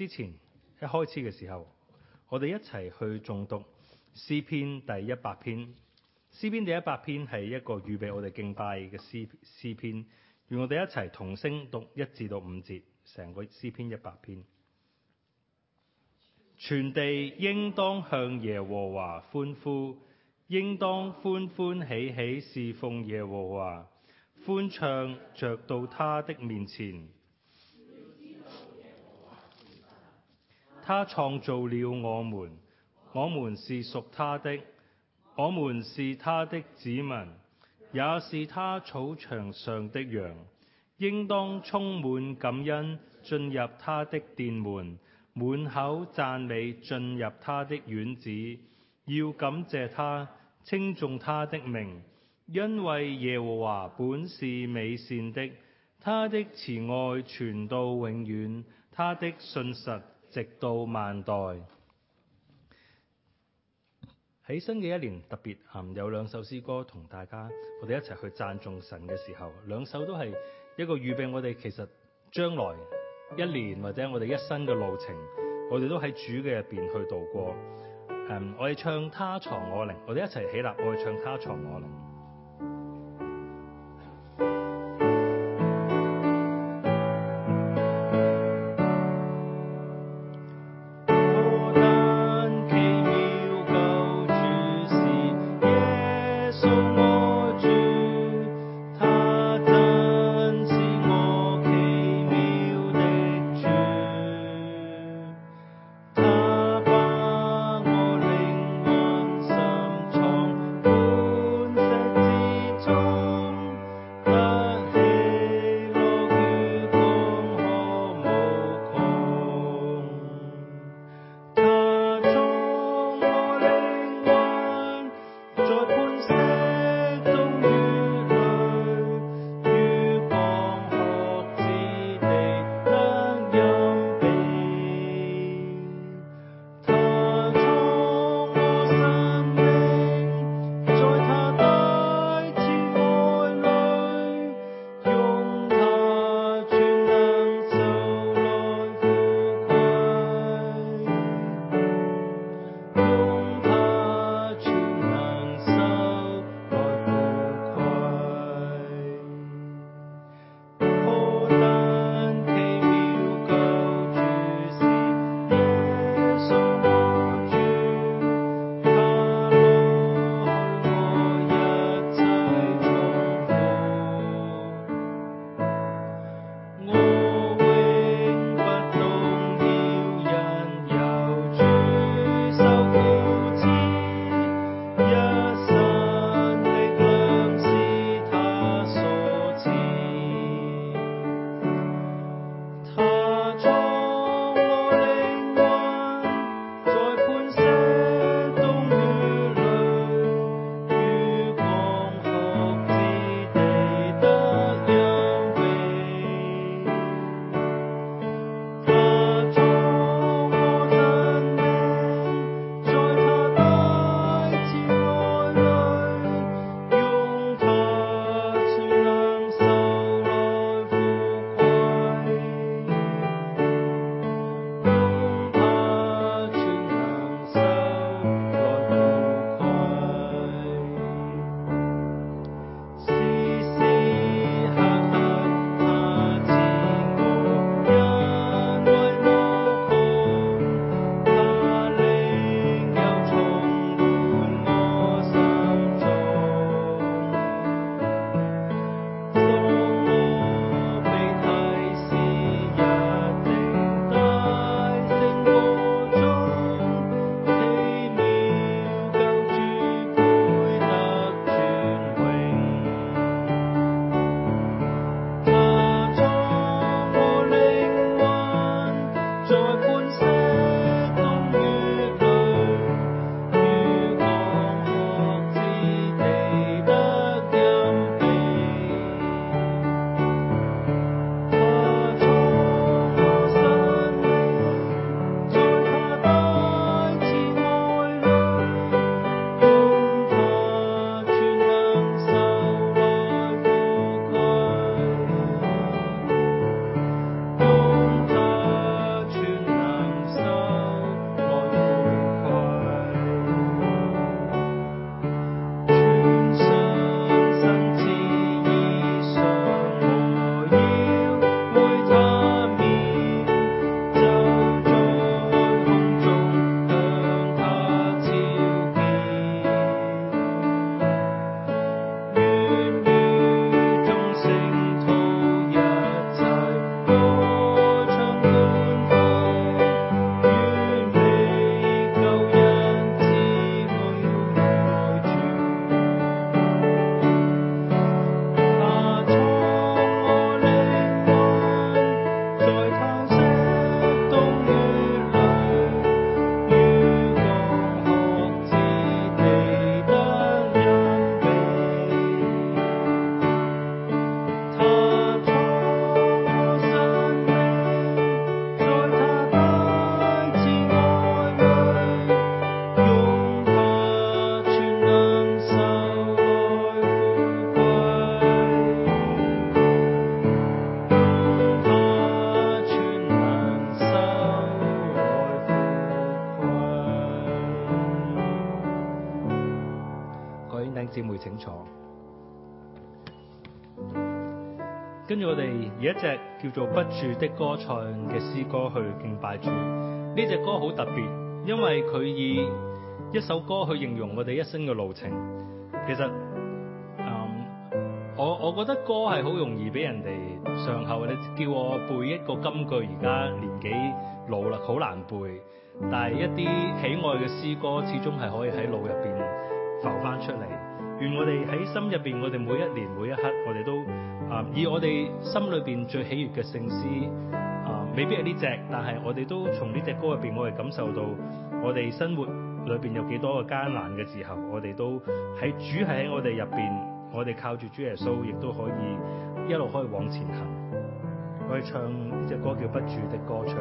之前一開始嘅時候，我哋一齊去重讀詩篇第一百篇。詩篇第一百篇係一個預備我哋敬拜嘅詩詩篇，與我哋一齊同聲讀一至到五節，成個詩篇一百篇。全地應當向耶和華歡呼，應當歡歡喜喜侍奉耶和華，歡唱着到他的面前。他創造了我們，我們是屬他的，我們是他的子民，也是他草場上的羊，應當充滿感恩，進入他的殿門，滿口讚美，進入他的院子，要感謝他，稱頌他的名，因為耶和華本是美善的，他的慈愛傳到永遠，他的信實。直到萬代。喺新嘅一年特別，含有兩首詩歌同大家，我哋一齊去讚頌神嘅時候，兩首都係一個預備我哋其實將來一年或者我哋一生嘅路程，我哋都喺主嘅入邊，去度過。嗯，我哋唱他藏我靈，我哋一齊起，起立，我哋唱他藏我靈。而一隻叫做《不住的歌唱》嘅詩歌去敬拜主。呢隻歌好特別，因為佢以一首歌去形容我哋一生嘅路程。其實，嗯，我我覺得歌係好容易俾人哋上口，你叫我背一個金句，而家年紀老啦，好難背。但係一啲喜愛嘅詩歌，始終係可以喺腦入邊浮翻出嚟。願我哋喺心入邊，我哋每一年每一刻，我哋都。啊！以我哋心裏邊最喜悦嘅聖詩，啊、呃，未必係呢隻，但係我哋都從呢隻歌入邊，我哋感受到我哋生活裏邊有幾多嘅艱難嘅時候，我哋都喺主係喺我哋入邊，我哋靠住主耶穌亦都可以一路可以往前行。我哋唱呢隻歌叫《不住的歌唱》。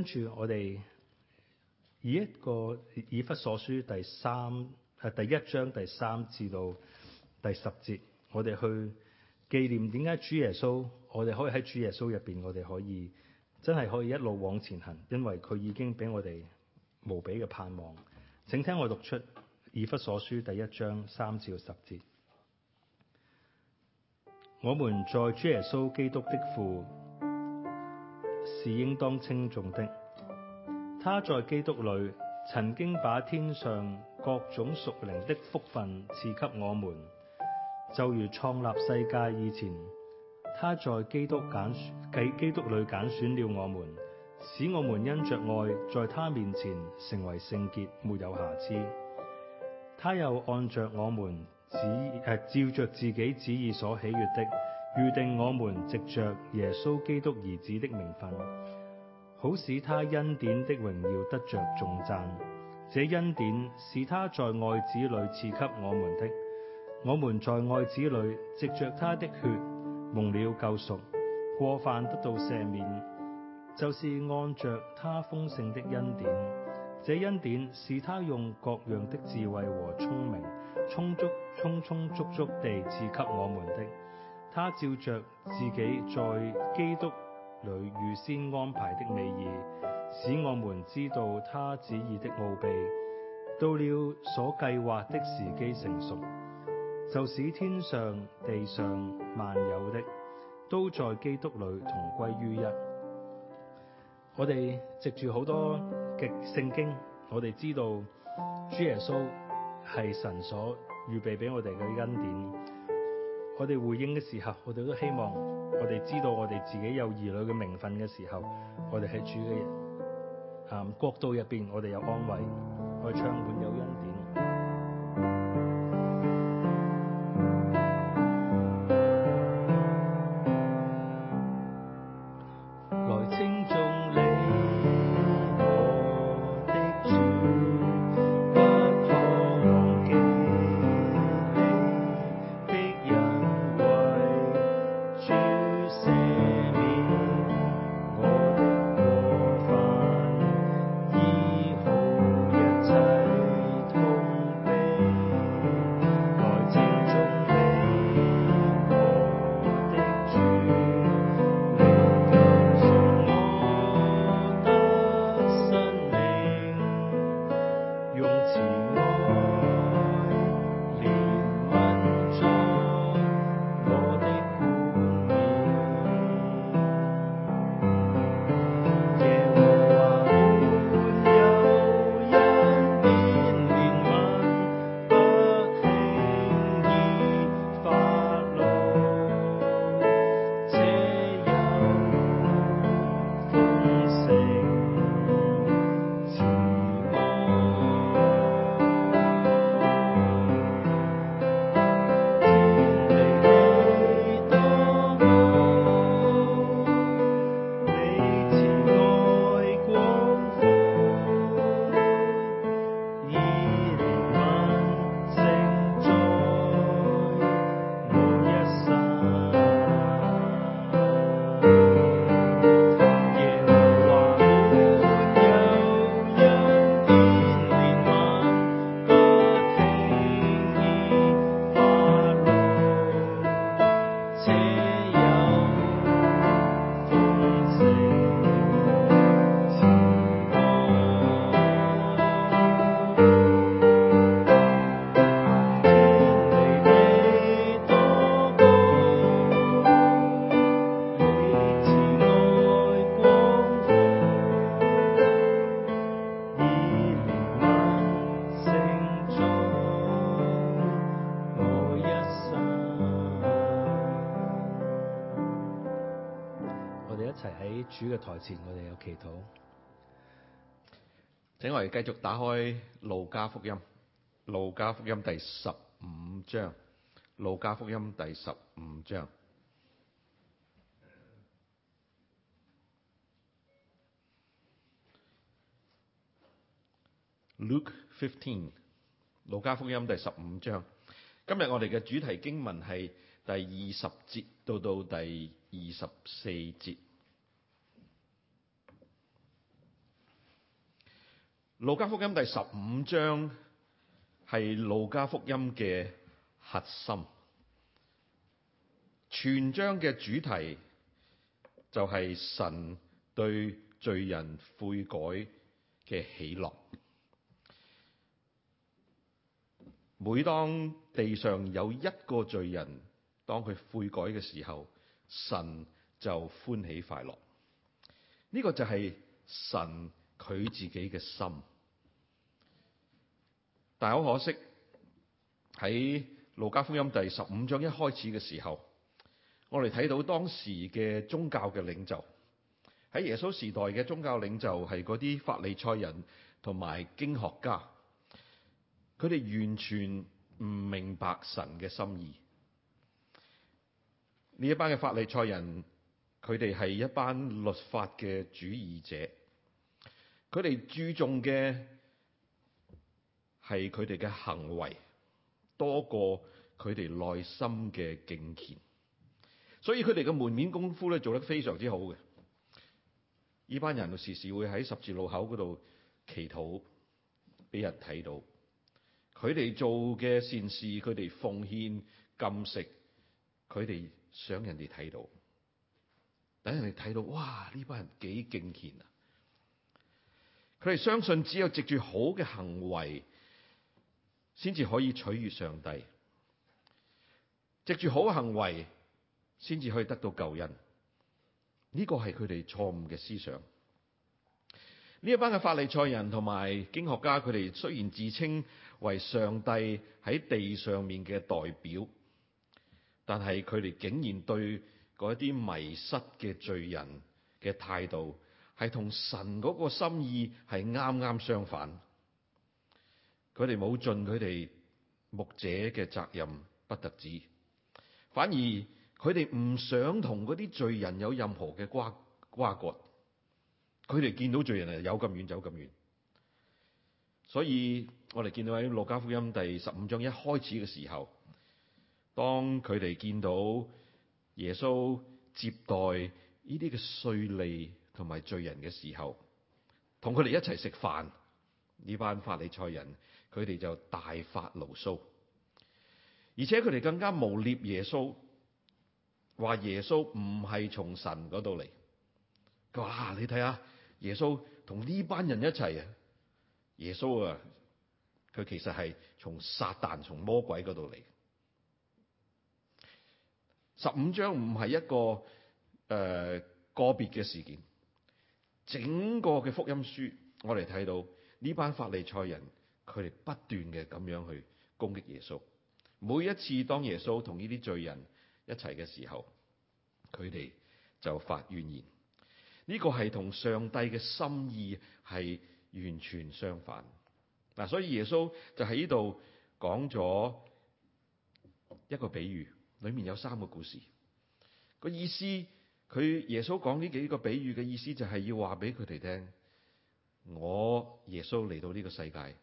跟住我哋以一個以弗所書第三，誒第一章第三至到第十節，我哋去紀念點解主耶穌，我哋可以喺主耶穌入邊，我哋可以真係可以一路往前行，因為佢已經俾我哋無比嘅盼望。請聽我讀出以弗所書第一章三至到十節。我們在主耶穌基督的父，是應當稱頌的。他在基督裏曾經把天上各種屬靈的福分賜給我們，就如創立世界以前，他在基督揀、基基督裏揀選了我們，使我們因着愛，在他面前成為聖潔，沒有瑕疵。他又按着我們指，誒照着自己旨意所喜悅的。預定我們藉着耶穌基督兒子的名分，好使他恩典的榮耀得着頌讚。這恩典是他在愛子裏賜給我們的。我們在愛子裏藉着他的血蒙了救贖，過犯得到赦免，就是按着他豐盛的恩典。這恩典是他用各樣的智慧和聰明，充足、充充足足地賜給我們的。他照着自己在基督裏預先安排的美意，使我們知道他旨意的奧秘。到了所計劃的時機成熟，就使天上地上萬有的都在基督裏同歸於一。我哋藉住好多嘅聖經，我哋知道主耶穌係神所預備俾我哋嘅恩典。我哋回應嘅時候，我哋都希望我哋知道我哋自己有兒女嘅名分嘅時候，我哋係主嘅人，啊國度入邊，我哋有安慰，我哋唱管有恩典。喺主嘅台前，我哋有祈禱。請我哋繼續打開《路加福音》《路加福音》第十五章，《路加福音》第十五章 （Luke Fifteen）。《路加福音》第十五章。今日我哋嘅主題經文係第二十節到到第二十四節。路加福音第十五章係路加福音嘅核心，全章嘅主題就係神對罪人悔改嘅喜樂。每當地上有一個罪人當佢悔改嘅時候，神就歡喜快樂。呢、這個就係神佢自己嘅心。但係好可惜，喺路加福音第十五章一開始嘅時候，我哋睇到當時嘅宗教嘅領袖，喺耶穌時代嘅宗教領袖係嗰啲法利賽人同埋經學家，佢哋完全唔明白神嘅心意。呢一班嘅法利賽人，佢哋係一班律法嘅主義者，佢哋注重嘅。係佢哋嘅行為多過佢哋內心嘅敬虔，所以佢哋嘅門面功夫咧做得非常之好嘅。呢班人時時會喺十字路口嗰度祈禱，俾人睇到。佢哋做嘅善事，佢哋奉獻、禁食，佢哋想人哋睇到，等人哋睇到，哇！呢班人幾敬虔啊！佢哋相信只有藉住好嘅行為。先至可以取悅上帝，藉住好行為先至可以得到救恩。呢個係佢哋錯誤嘅思想。呢一班嘅法利賽人同埋經學家，佢哋雖然自稱為上帝喺地上面嘅代表，但係佢哋竟然對嗰一啲迷失嘅罪人嘅態度，係同神嗰個心意係啱啱相反。佢哋冇盡佢哋牧者嘅責任不特止，反而佢哋唔想同嗰啲罪人有任何嘅瓜瓜葛。佢哋見到罪人啊，有咁遠走咁遠。所以我哋見到喺《路加福音》第十五章一開始嘅時候，當佢哋見到耶穌接待呢啲嘅稅吏同埋罪人嘅時候，同佢哋一齊食飯，呢班法利賽人。佢哋就大發牢騷，而且佢哋更加誣蔑耶穌，話耶穌唔係從神度嚟。佢話，你睇下耶穌同呢班人一齊啊，耶穌啊，佢其實係從撒但從魔鬼度嚟。十五章唔係一個誒、呃、個別嘅事件，整個嘅福音書我哋睇到呢班法利賽人。佢哋不斷嘅咁樣去攻擊耶穌。每一次當耶穌同呢啲罪人一齊嘅時候，佢哋就發怨言。呢個係同上帝嘅心意係完全相反嗱，所以耶穌就喺呢度講咗一個比喻，裏面有三個故事個意思。佢耶穌講呢幾個比喻嘅意思，就係要話俾佢哋聽，我耶穌嚟到呢個世界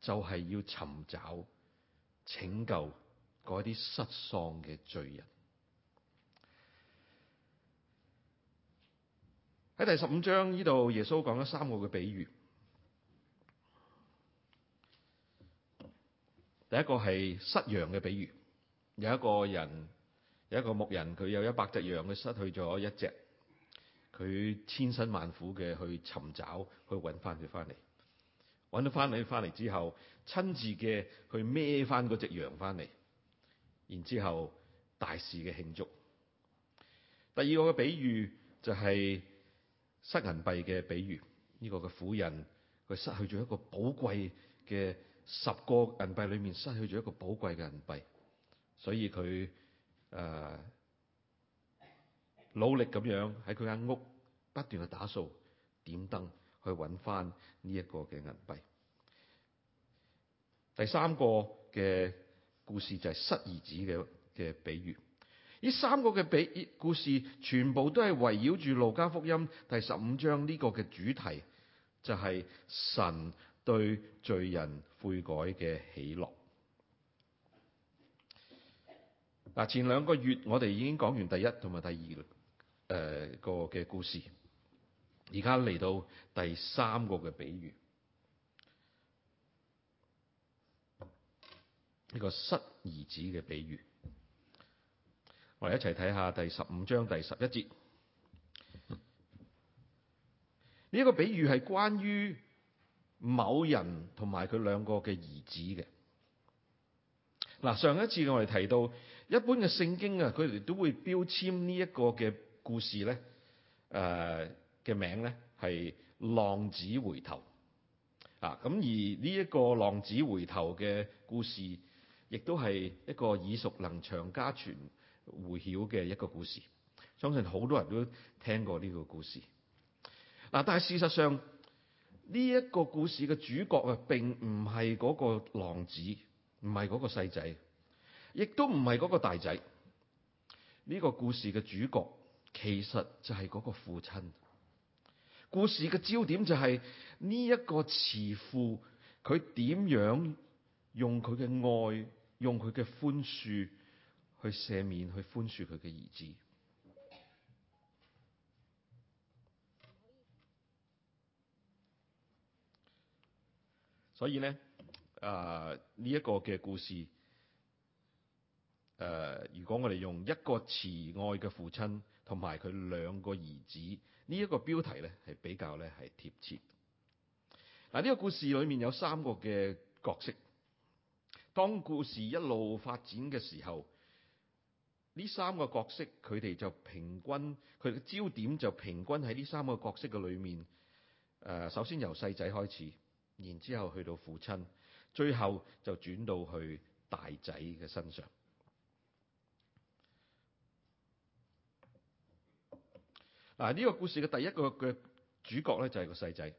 就係要尋找拯救啲失喪嘅罪人。喺第十五章呢度，耶穌講咗三個嘅比喻。第一個係失羊嘅比喻，有一個人，有一個牧人，佢有一百隻羊，佢失去咗一隻，佢千辛萬苦嘅去尋找，去搵翻佢翻嚟。揾到翻嚟翻嚟之後，親自嘅去孭翻嗰隻羊翻嚟，然之後大事嘅慶祝。第二個嘅比喻就係失銀幣嘅比喻，呢、這個嘅婦人佢失去咗一個寶貴嘅十個銀幣裏面失去咗一個寶貴嘅銀幣，所以佢誒、呃、努力咁樣喺佢間屋不斷去打掃、點燈。去揾翻呢一個嘅銀幣。第三個嘅故事就係失兒子嘅嘅比喻。呢三個嘅比故事全部都係圍繞住路加福音第十五章呢個嘅主題，就係神對罪人悔改嘅喜樂。嗱，前兩個月我哋已經講完第一同埋第二誒個嘅故事。而家嚟到第三個嘅比喻，呢個失兒子嘅比喻，我哋一齊睇下第十五章第十一節。呢一個比喻係關於某人同埋佢兩個嘅兒子嘅。嗱，上一次我哋提到，一般嘅聖經啊，佢哋都會標籤呢一個嘅故事咧，誒。嘅名咧係浪子回頭啊！咁而呢、這、一個浪子回頭嘅故事，亦都係一個耳熟能詳、家傳戶曉嘅一個故事。相信好多人都聽過呢個故事。嗱、啊，但係事實上呢一、這個故事嘅主角啊，並唔係嗰個浪子，唔係嗰個細仔，亦都唔係嗰個大仔。呢、這個故事嘅主角其實就係嗰個父親。故事嘅焦點就係、是、呢一個慈父，佢點樣用佢嘅愛，用佢嘅寬恕去赦免，去寬恕佢嘅兒子。所以咧，啊、呃、呢一個嘅故事。誒，如果我哋用一個慈愛嘅父親同埋佢兩個兒子呢一個標題呢，係比較呢係貼切嗱。呢個故事裏面有三個嘅角色。當故事一路發展嘅時候，呢三個角色佢哋就平均佢嘅焦點就平均喺呢三個角色嘅裏面。誒，首先由細仔開始，然之後去到父親，最後就轉到去大仔嘅身上。嗱，呢個故事嘅第一個嘅主角咧就係個細仔。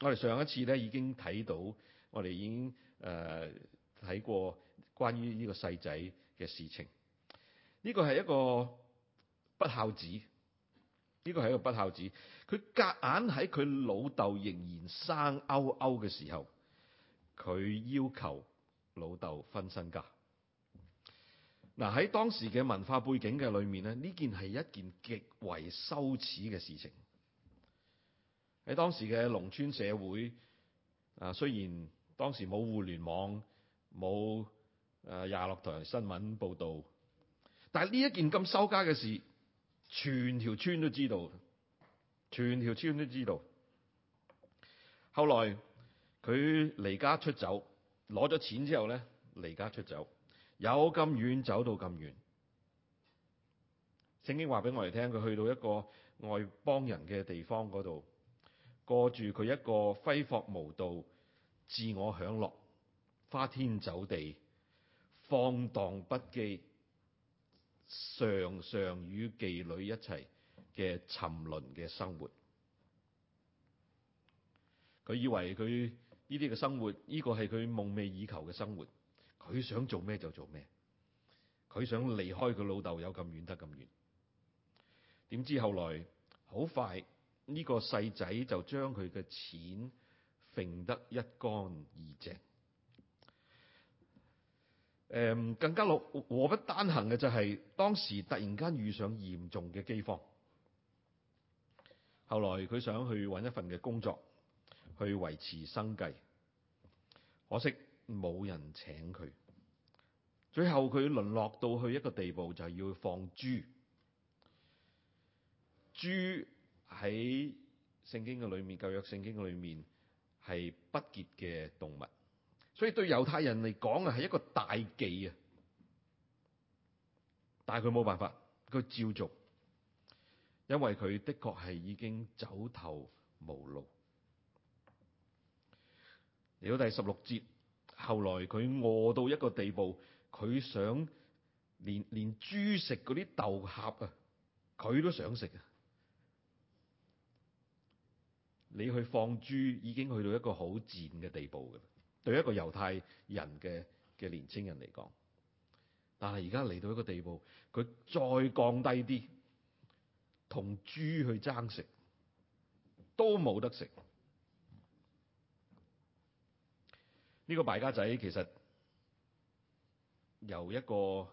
我哋上一次咧已經睇到，我哋已經誒睇、呃、過關於呢個細仔嘅事情。呢、這個係一個不孝子，呢、這個係一個不孝子。佢夾硬喺佢老豆仍然生勾勾嘅時候，佢要求老豆分身家。嗱，喺當時嘅文化背景嘅裏面呢，呢件係一件極為羞恥嘅事情。喺當時嘅農村社會，啊雖然當時冇互聯網、冇啊廿六台新聞報導，但係呢一件咁羞家嘅事，全條村都知道，全條村都知道。後來佢離家出走，攞咗錢之後咧，離家出走。有咁遠走到咁遠，聖經話俾我哋聽，佢去到一個外邦人嘅地方嗰度，過住佢一個揮霍無度、自我享樂、花天酒地、放蕩不羈、常常與妓女一齊嘅沉淪嘅生活。佢以為佢呢啲嘅生活，呢個係佢夢寐以求嘅生活。佢想做咩就做咩，佢想離開佢老豆有咁遠得咁遠。點知後來好快呢個細仔就將佢嘅錢揈得一乾二淨。誒，更加老禍不單行嘅就係當時突然間遇上嚴重嘅饑荒。後來佢想去揾一份嘅工作去維持生計，可惜，冇人請佢，最後佢淪落到去一個地步，就係要放豬。豬喺聖經嘅裏面，舊約聖經嘅裏面係不潔嘅動物，所以對猶太人嚟講啊，係一個大忌啊。但係佢冇辦法，佢照做，因為佢的確係已經走投無路。嚟到第十六節。後來佢餓到一個地步，佢想連連豬食啲豆殼啊，佢都想食啊！你去放豬已經去到一個好賤嘅地步噶啦，對一個猶太人嘅嘅年青人嚟講，但係而家嚟到一個地步，佢再降低啲，同豬去爭食，都冇得食。呢個敗家仔其實由一個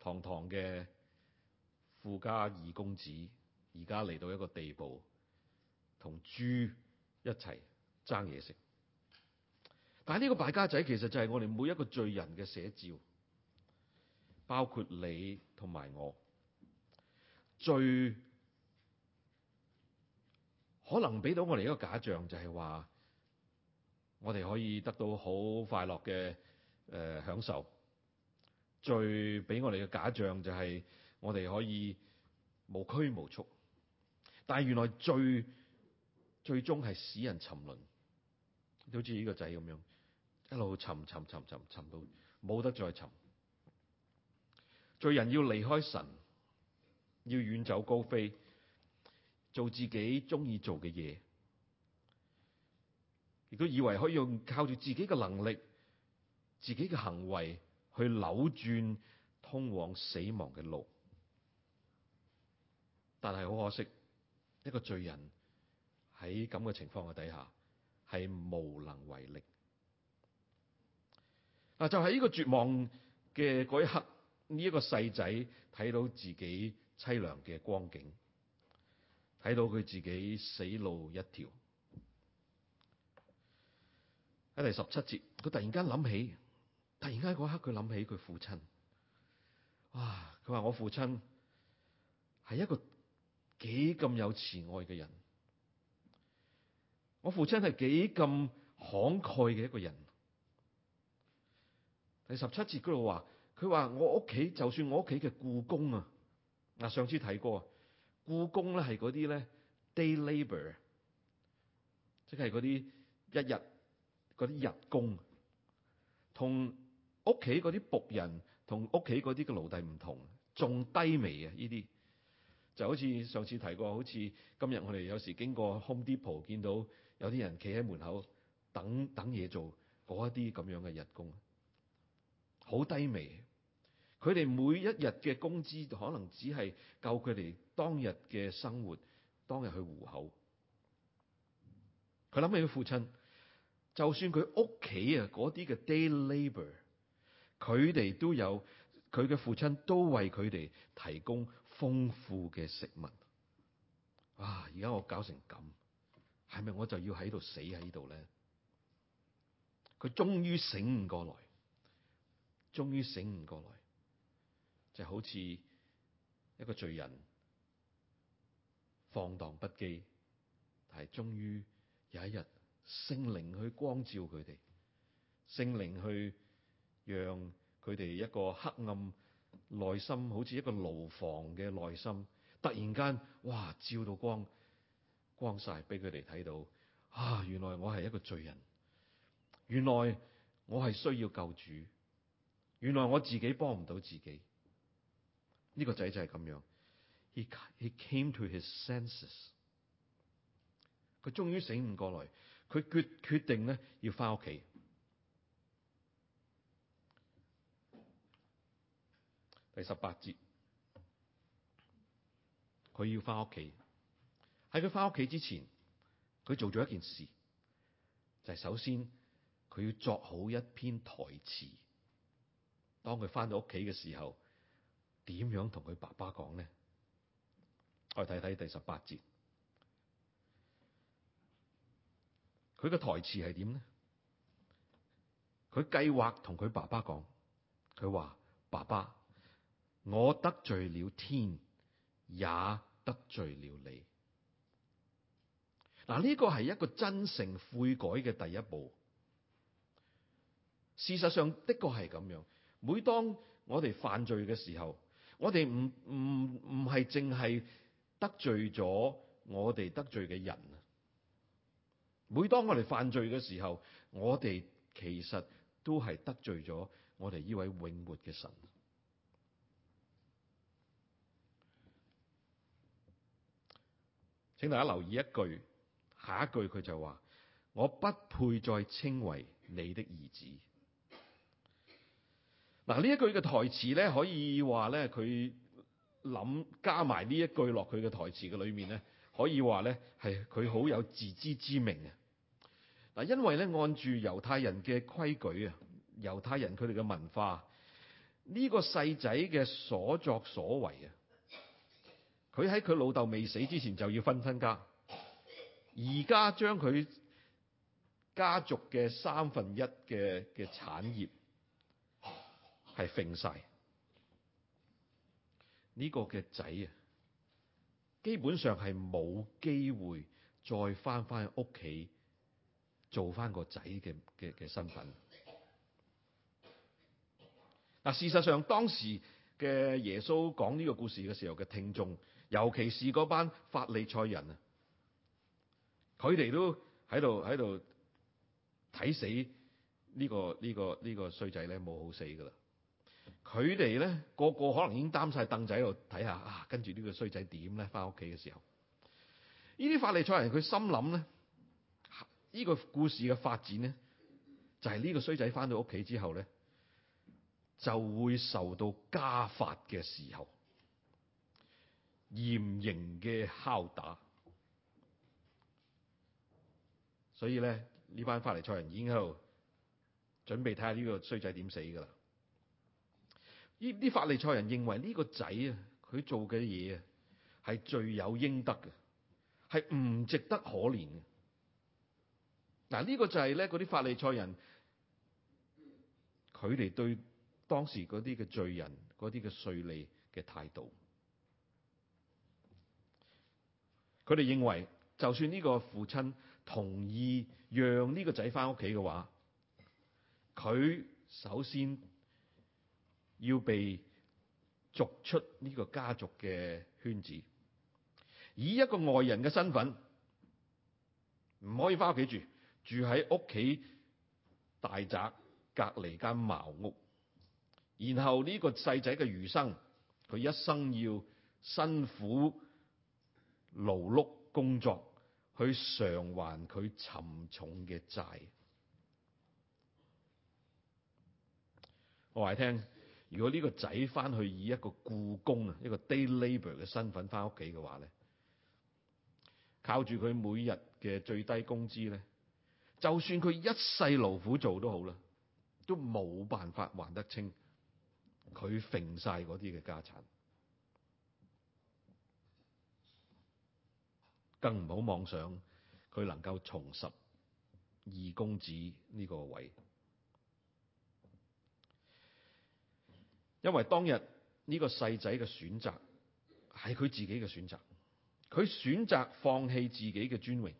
堂堂嘅富家二公子，而家嚟到一個地步，同豬一齊爭嘢食。但係呢個敗家仔其實就係我哋每一個罪人嘅寫照，包括你同埋我，罪可能俾到我哋一個假象就，就係話，我哋可以得到好快樂嘅，誒、呃、享受，最俾我哋嘅假象就係我哋可以無拘無束，但係原來最最終係使人沉淪，好似呢個仔咁樣，一路沉沉沉沉沉，沉，沉到冇得再沉，罪人要離開神，要遠走高飛，做自己中意做嘅嘢。亦都以為可以用靠住自己嘅能力，自己嘅行為去扭轉通往死亡嘅路，但係好可惜，一個罪人喺咁嘅情況嘅底下係無能為力。嗱，就喺、是、呢個絕望嘅嗰一刻，呢、這、一個細仔睇到自己淒涼嘅光景，睇到佢自己死路一條。喺第十七節，佢突然間諗起，突然間嗰刻佢諗起佢父親。哇！佢話我父親係一個幾咁有慈愛嘅人，我父親係幾咁慷慨嘅一個人。第十七節嗰度話，佢話我屋企，就算我屋企嘅僱工啊，嗱，上次睇過，僱工咧係嗰啲咧 day labour，即係嗰啲一日。嗰啲日工，同屋企嗰啲僕人，同屋企嗰啲嘅奴隸唔同，仲低微啊！呢啲就好似上次提過，好似今日我哋有時經過 Home Depot 見到有啲人企喺門口等等嘢做，嗰一啲咁樣嘅日工，好低微啊。佢哋每一日嘅工資可能只係夠佢哋當日嘅生活，當日去糊口。佢諗起佢父親。就算佢屋企啊啲嘅 day labour，佢哋都有佢嘅父親都為佢哋提供豐富嘅食物。啊！而家我搞成咁，係咪我就要喺度死喺度咧？佢終於醒唔過來，終於醒唔過來，就是、好似一個罪人放蕩不羈，但係終於有一日。聖靈去光照佢哋，聖靈去讓佢哋一個黑暗內心，好似一個牢房嘅內心，突然間，哇，照到光，光晒俾佢哋睇到，啊，原來我係一個罪人，原來我係需要救主，原來我自己幫唔到自己，呢個仔就係咁樣，he he came to his senses，佢終於醒悟過來。佢決決定咧要翻屋企。第十八節，佢要翻屋企。喺佢翻屋企之前，佢做咗一件事，就係首先佢要作好一篇台詞。當佢翻到屋企嘅時候，點樣同佢爸爸講咧？我哋睇睇第十八節。佢嘅台詞係點呢？佢計劃同佢爸爸講，佢話：爸爸，我得罪了天，也得罪了你。嗱，呢個係一個真誠悔改嘅第一步。事實上的確係咁樣。每當我哋犯罪嘅時候，我哋唔唔唔係淨係得罪咗我哋得罪嘅人。每當我哋犯罪嘅時候，我哋其實都係得罪咗我哋呢位永活嘅神。請大家留意一句，下一句佢就話：我不配再稱為你的兒子。嗱，呢一句嘅台詞咧，可以話咧佢諗加埋呢一句落佢嘅台詞嘅裏面咧。可以話咧，係佢好有自知之明啊！嗱，因為咧，按住猶太人嘅規矩啊，猶太人佢哋嘅文化，呢、這個細仔嘅所作所為啊，佢喺佢老豆未死之前就要分身家，而家將佢家族嘅三分一嘅嘅產業係揈晒，呢、這個嘅仔啊！基本上係冇機會再翻返屋企做翻個仔嘅嘅嘅身份。嗱，事實上當時嘅耶穌講呢個故事嘅時候嘅聽眾，尤其是嗰班法利賽人啊，佢哋都喺度喺度睇死呢個呢個呢個衰仔咧，冇好死噶啦。佢哋咧個個可能已經擔晒凳仔喺度睇下啊，跟住呢個衰仔點咧？返屋企嘅時候，呢啲法利賽人佢心諗咧，呢個故事嘅發展咧，就係呢個衰仔返到屋企之後咧，就會受到家法嘅時候，嚴刑嘅敲打。所以咧，呢班法利賽人已經喺度準備睇下呢個衰仔點死㗎喇。呢啲法利賽人認為呢個仔啊，佢做嘅嘢啊係罪有應得嘅，係唔值得可憐嘅。嗱，呢個就係咧啲法利賽人佢哋對當時嗰啲嘅罪人，嗰啲嘅稅吏嘅態度。佢哋認為，就算呢個父親同意讓呢個仔翻屋企嘅話，佢首先，要被逐出呢個家族嘅圈子，以一個外人嘅身份，唔可以返屋企住，住喺屋企大宅隔籬間茅屋，然後呢個細仔嘅餘生，佢一生要辛苦勞碌工作，去償還佢沉重嘅債。我話你聽。如果呢個仔翻去以一個僱工啊，一個 day labour 嘅身份翻屋企嘅話咧，靠住佢每日嘅最低工資咧，就算佢一世勞苦做都好啦，都冇辦法還得清，佢揈晒嗰啲嘅家產，更唔好妄想佢能夠重拾二公子呢個位。因為當日呢個細仔嘅選擇係佢自己嘅選擇，佢選擇放棄自己嘅尊榮，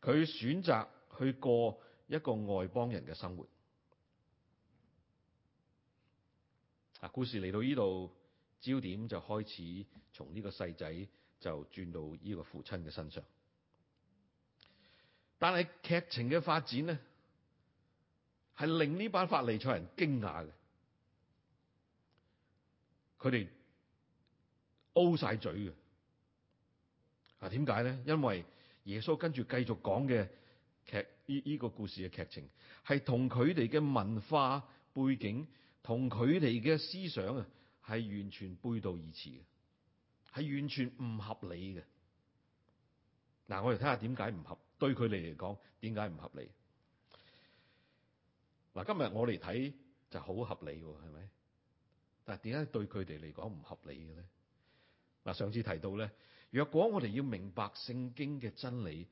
佢選擇去過一個外邦人嘅生活。啊，故事嚟到呢度，焦點就開始從呢個細仔就轉到呢個父親嘅身上。但係劇情嘅發展呢，係令呢班法利賽人驚訝嘅。佢哋勾晒嘴嘅，嗱，點解咧？因為耶穌跟住繼續講嘅劇呢，呢個故事嘅劇情，係同佢哋嘅文化背景、同佢哋嘅思想啊，係完全背道而馳嘅，係完全唔合理嘅。嗱、啊，我哋睇下點解唔合，對佢哋嚟講點解唔合理？嗱、啊，今日我嚟睇就好合理喎，係咪？但係點解對佢哋嚟講唔合理嘅咧？嗱，上次提到咧，若果我哋要明白聖經嘅真理，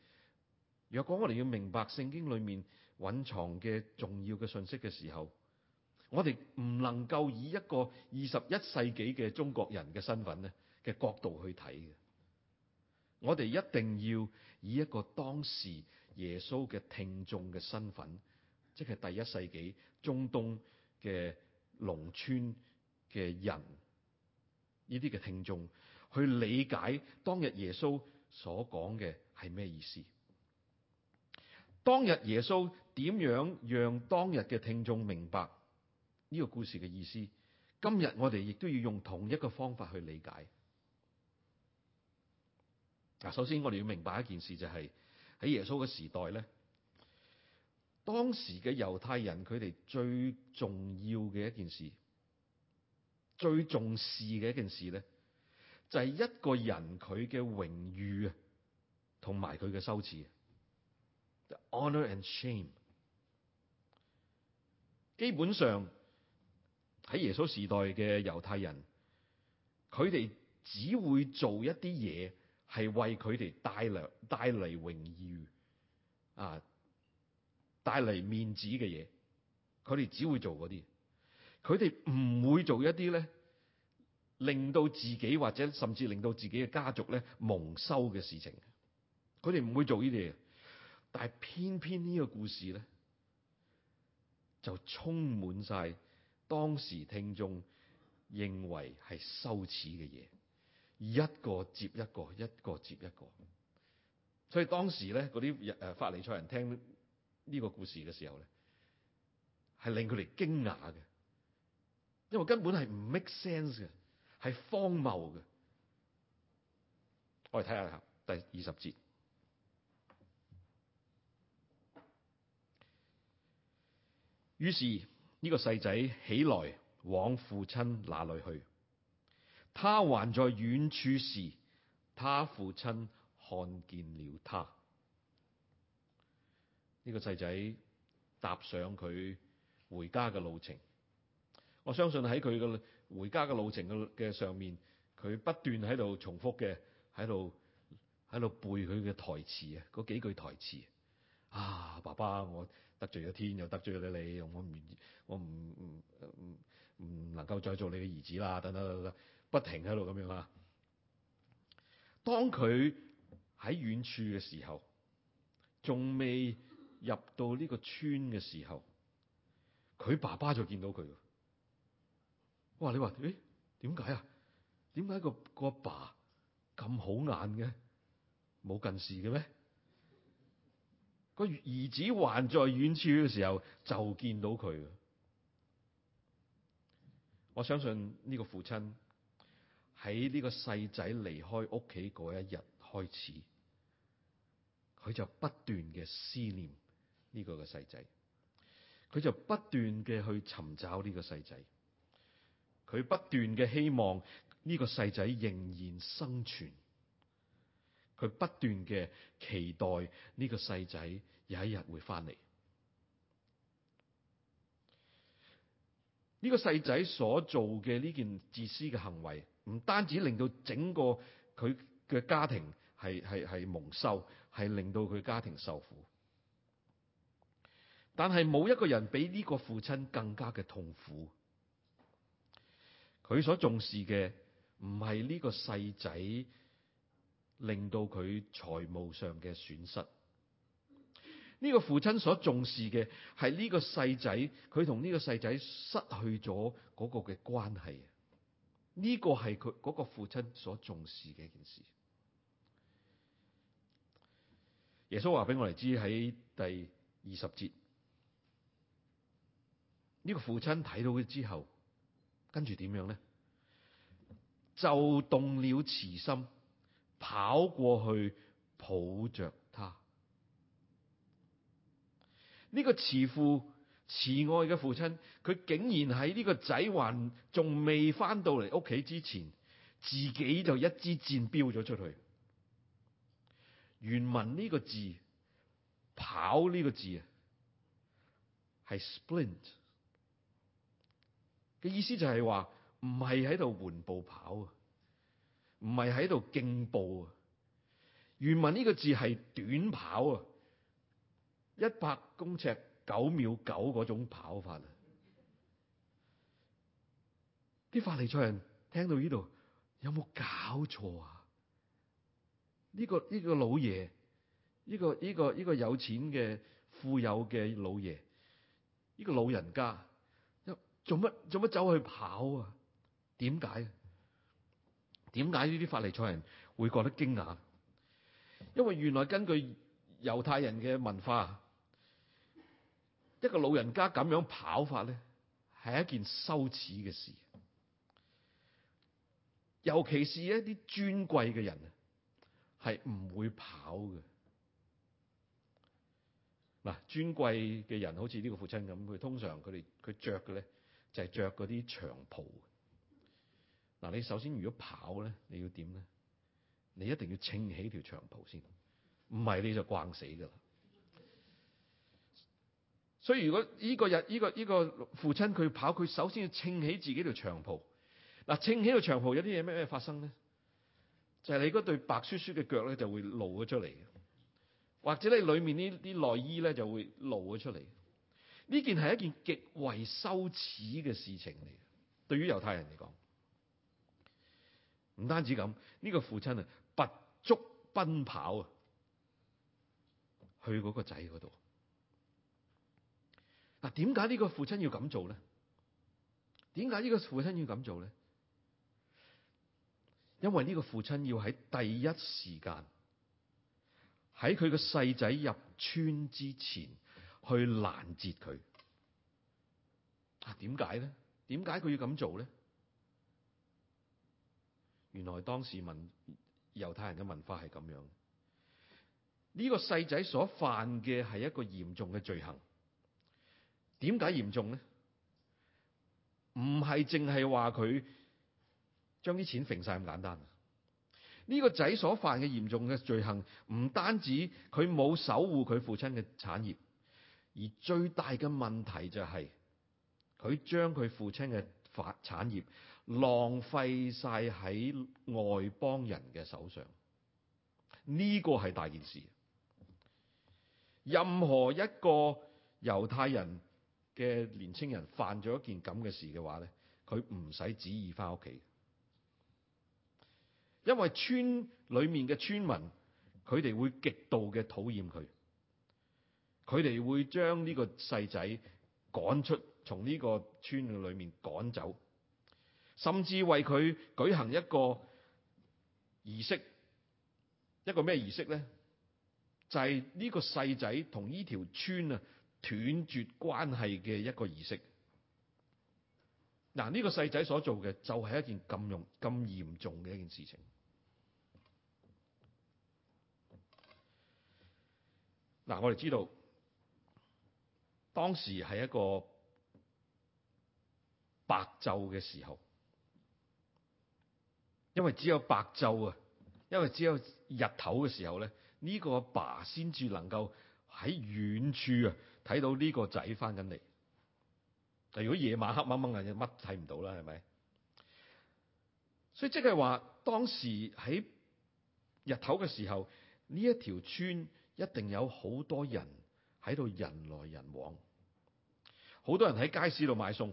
若果我哋要明白聖經裡面隱藏嘅重要嘅信息嘅時候，我哋唔能夠以一個二十一世紀嘅中國人嘅身份咧嘅角度去睇嘅。我哋一定要以一個當時耶穌嘅聽眾嘅身份，即係第一世紀中東嘅農村。嘅人，呢啲嘅聽眾去理解當日耶穌所講嘅係咩意思？當日耶穌點樣讓當日嘅聽眾明白呢、這個故事嘅意思？今日我哋亦都要用同一個方法去理解。嗱，首先我哋要明白一件事，就是，就係喺耶穌嘅時代咧，當時嘅猶太人佢哋最重要嘅一件事。最重視嘅一件事咧，就係一個人佢嘅榮譽啊，同埋佢嘅羞恥。The honor and shame。基本上喺耶穌時代嘅猶太人，佢哋只會做一啲嘢係為佢哋帶嚟帶嚟榮譽啊，帶嚟面子嘅嘢，佢哋只會做啲。佢哋唔會做一啲咧，令到自己或者甚至令到自己嘅家族咧蒙羞嘅事情。佢哋唔會做呢啲嘢，但係偏偏呢個故事咧就充滿晒當時聽眾認為係羞恥嘅嘢，一個接一個，一個接一個。所以當時咧，嗰啲誒法利賽人聽呢個故事嘅時候咧，係令佢哋驚訝嘅。因為根本係唔 make sense 嘅，係荒謬嘅。我哋睇下第二十節。於是呢個細仔起來往父親那裏去。他還在遠處時，他父親看見了他。呢個細仔踏上佢回家嘅路程。我相信喺佢嘅回家嘅路程嘅嘅上面，佢不斷喺度重複嘅，喺度喺度背佢嘅台詞啊！嗰幾句台詞啊！爸爸，我得罪咗天，又得罪咗你，我唔，我唔唔唔唔能夠再做你嘅兒子啦！等等等，等，等，等，不停喺度咁樣啦。當佢喺遠處嘅時候，仲未入到呢個村嘅時候，佢爸爸就見到佢。哇！你話誒，點解啊？點解個個阿爸咁好眼嘅，冇近視嘅咩？個兒子還在遠處嘅時候，就見到佢。我相信呢個父親喺呢個細仔離開屋企一日開始，佢就不斷嘅思念呢個嘅細仔，佢就不斷嘅去尋找呢個細仔。佢不斷嘅希望呢個細仔仍然生存，佢不斷嘅期待呢個細仔有一日會翻嚟。呢個細仔所做嘅呢件自私嘅行為，唔單止令到整個佢嘅家庭係係係蒙羞，係令到佢家庭受苦。但係冇一個人比呢個父親更加嘅痛苦。佢所重視嘅唔係呢個細仔令到佢財務上嘅損失，呢個父親所重視嘅係呢個細仔，佢同呢個細仔失去咗嗰個嘅關係。呢個係佢嗰個父親所重視嘅一件事。耶穌話俾我哋知喺第二十節，呢個父親睇到佢之後。跟住點樣咧？就動了慈心，跑過去抱著他。呢、這個慈父、慈愛嘅父親，佢竟然喺呢個仔還仲未翻到嚟屋企之前，自己就一支箭飆咗出去。原文呢個字，跑呢個字啊，係 sprint。嘅意思就係話，唔係喺度緩步跑啊，唔係喺度競步啊。原文呢個字係短跑啊，一百公尺九秒九嗰種跑法啊。啲 法利賽人聽到呢度，有冇搞錯啊？呢、這個呢、這個老爺，呢、這個呢、這個呢、這個有錢嘅富有嘅老爺，呢、這個老人家。做乜做乜走去跑啊？點解？點解呢啲法利賽人會覺得驚訝？因為原來根據猶太人嘅文化，一個老人家咁樣跑法咧，係一件羞恥嘅事。尤其是一啲尊貴嘅人，係唔會跑嘅。嗱，尊貴嘅人，好似呢個父親咁，佢通常佢哋佢著嘅咧。就係着嗰啲長袍。嗱，你首先如果跑咧，你要點咧？你一定要撐起條長袍先，唔係你就慣死噶啦。所以如果依個日依個依個父親佢跑，佢首先要撐起自己條長袍。嗱，撐起個長袍有啲嘢咩咩發生咧？就係你嗰對白雪雪嘅腳咧就會露咗出嚟嘅，或者你裡面呢啲內衣咧就會露咗出嚟。呢件係一件極為羞恥嘅事情嚟嘅，對於猶太人嚟講，唔單止咁，呢個父親啊，拔足奔跑啊，去個仔度。嗱，點解呢個父親要咁做咧？點解呢個父親要咁做咧？因為呢個父親要喺第一時間，喺佢個細仔入村之前。去攔截佢啊。點解咧？點解佢要咁做咧？原來當時民猶太人嘅文化係咁樣。呢個細仔所犯嘅係一個嚴重嘅罪行。點解嚴重咧？唔係淨係話佢將啲錢揈晒咁簡單。呢個仔所犯嘅嚴重嘅罪行，唔單止佢冇守護佢父親嘅產業。而最大嘅問題就係，佢將佢父親嘅法產業浪費晒喺外邦人嘅手上，呢個係大件事。任何一個猶太人嘅年青人犯咗一件咁嘅事嘅話咧，佢唔使旨意返屋企，因為村裡面嘅村民佢哋會極度嘅討厭佢。佢哋會將呢個細仔趕出，從呢個村裏面趕走，甚至為佢舉行一個儀式，一個咩儀式咧？就係、是、呢個細仔同呢條村啊，斷絕關係嘅一個儀式。嗱，呢個細仔所做嘅就係一件咁容咁嚴重嘅一件事情。嗱，我哋知道。當時係一個白晝嘅時候，因為只有白晝啊，因為只有日頭嘅時候咧，呢個阿爸先至能夠喺遠處啊睇到呢個仔翻緊嚟。但如果夜晚黑掹掹嘅，乜睇唔到啦，係咪？所以即係話當時喺日頭嘅時候，呢一條村一定有好多人喺度人來人往。好多人喺街市度買餸，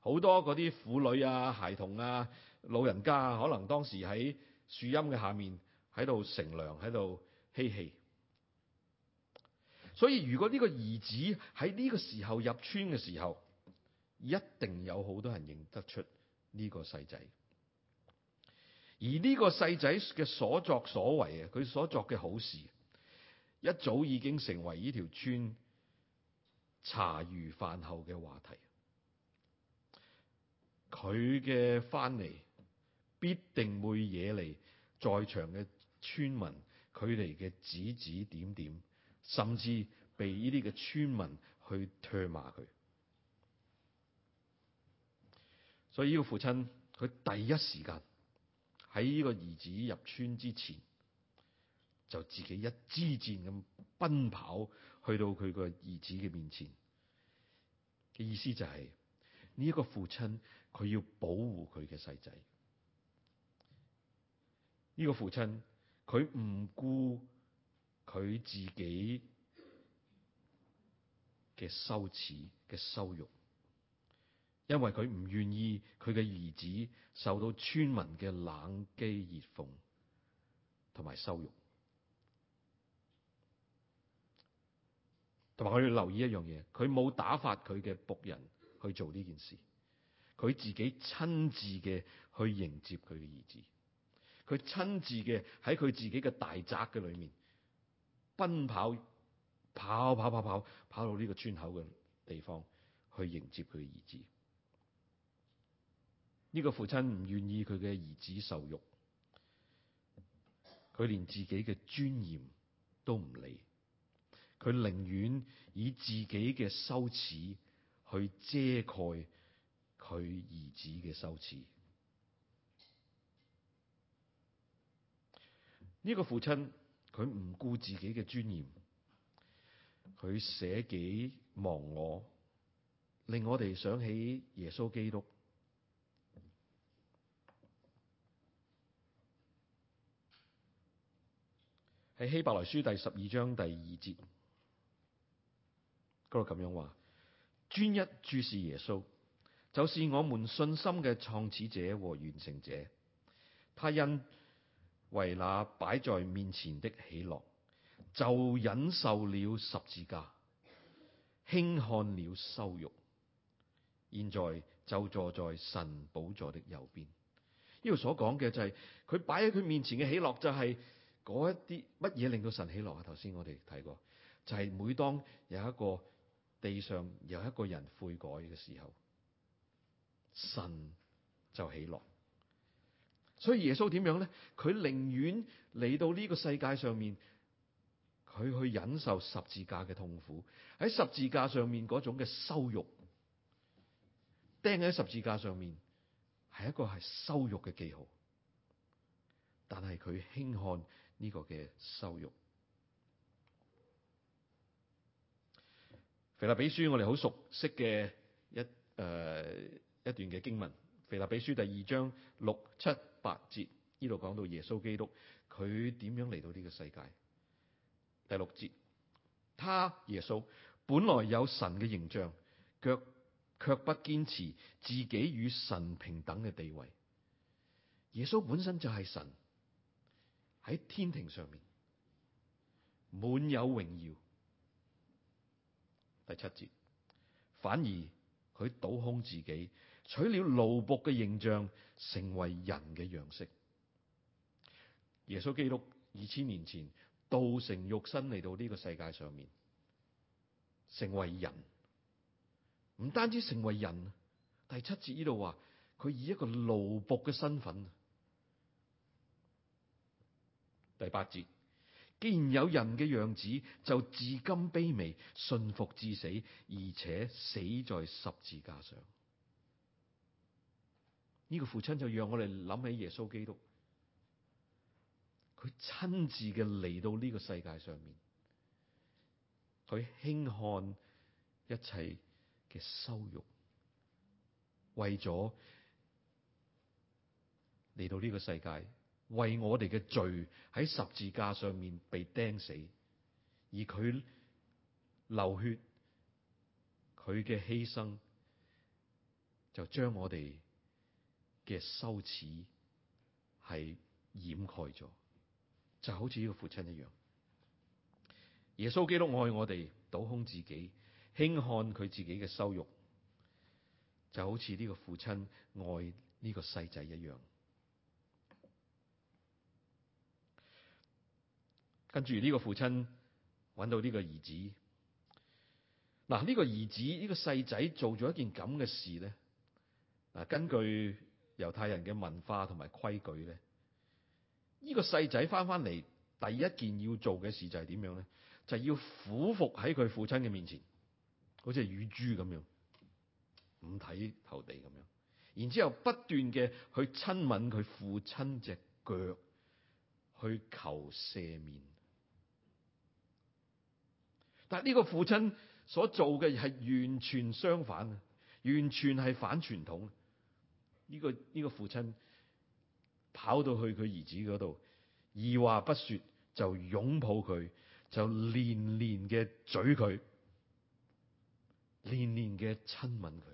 好多嗰啲婦女啊、孩童啊、老人家啊，可能當時喺樹蔭嘅下面喺度乘涼，喺度嬉戲。所以如果呢個兒子喺呢個時候入村嘅時候，一定有好多人認得出呢個細仔。而呢個細仔嘅所作所為啊，佢所作嘅好事，一早已經成為呢條村。茶餘飯後嘅話題，佢嘅翻嚟必定會惹嚟在場嘅村民佢哋嘅指指點點，甚至被呢啲嘅村民去唾罵佢。所以呢個父親，佢第一時間喺呢個兒子入村之前，就自己一支箭咁奔跑。去到佢嘅兒子嘅面前，嘅意思就係呢一個父親佢要保護佢嘅細仔。呢個父親佢唔顧佢自己嘅羞恥嘅羞辱，因為佢唔願意佢嘅兒子受到村民嘅冷譏熱諷同埋羞辱。同埋我要留意一樣嘢，佢冇打發佢嘅僕人去做呢件事，佢自己親自嘅去迎接佢嘅兒子，佢親自嘅喺佢自己嘅大宅嘅裏面奔跑，跑跑跑跑跑到呢個村口嘅地方去迎接佢嘅兒子。呢個父親唔願意佢嘅兒子受辱，佢連自己嘅尊嚴都唔理。佢寧願以自己嘅羞恥去遮蓋佢兒子嘅羞恥。呢個父親佢唔顧自己嘅尊嚴，佢捨己忘我，令我哋想起耶穌基督喺希伯來書第十二章第二節。佢咁樣話：專一注視耶穌，就是我們信心嘅創始者和完成者。他因為那擺在面前的喜樂，就忍受了十字架，輕看了羞辱。現在就坐在神寶座的右邊。呢度所講嘅就係佢擺喺佢面前嘅喜樂、就是，就係嗰一啲乜嘢令到神喜樂啊？頭先我哋睇過，就係、是、每當有一個。地上有一個人悔改嘅時候，神就喜樂。所以耶穌點樣咧？佢寧願嚟到呢個世界上面，佢去忍受十字架嘅痛苦。喺十字架上面嗰種嘅羞辱，釘喺十字架上面係一個係羞辱嘅記號。但係佢輕看呢個嘅羞辱。腓立比書我哋好熟悉嘅一誒、uh, 一段嘅經文，腓立比書第二章六七八節，呢度講到耶穌基督，佢點樣嚟到呢個世界？第六節，他耶穌本來有神嘅形象，卻卻不堅持自己與神平等嘅地位。耶穌本身就係神，喺天庭上面滿有榮耀。第七節，反而佢倒空自己，取了奴僕嘅形象，成為人嘅樣式。耶穌基督二千年前道成肉身嚟到呢個世界上面，成為人。唔單止成為人，第七節呢度話佢以一個奴僕嘅身份。第八節。既然有人嘅樣子，就至今卑微，順服至死，而且死在十字架上。呢、這個父親就讓我哋諗起耶穌基督，佢親自嘅嚟到呢個世界上面，佢輕看一切嘅羞辱，為咗嚟到呢個世界。為我哋嘅罪喺十字架上面被釘死，而佢流血，佢嘅犧牲就將我哋嘅羞恥係掩蓋咗，就好似呢個父親一樣。耶穌基督愛我哋，倒空自己，輕看佢自己嘅羞辱，就好似呢個父親愛呢個細仔一樣。跟住呢個父親揾到呢個兒子，嗱、呢、呢個兒子呢、呢個細仔做咗一件咁嘅事咧。嗱，根據猶太人嘅文化同埋規矩咧，呢、呢個細仔翻翻嚟第一件要做嘅事就係點樣咧？就係、係、要俯伏喺佢父親嘅面前，好似係乳豬咁樣，五體投地咁樣，然之後不斷嘅去親吻佢父親隻腳，去求赦免。但呢個父親所做嘅係完全相反，完全係反傳統。呢個呢個父親跑到去佢兒子度，二話不說就擁抱佢，就連連嘅嘴佢，連連嘅親吻佢。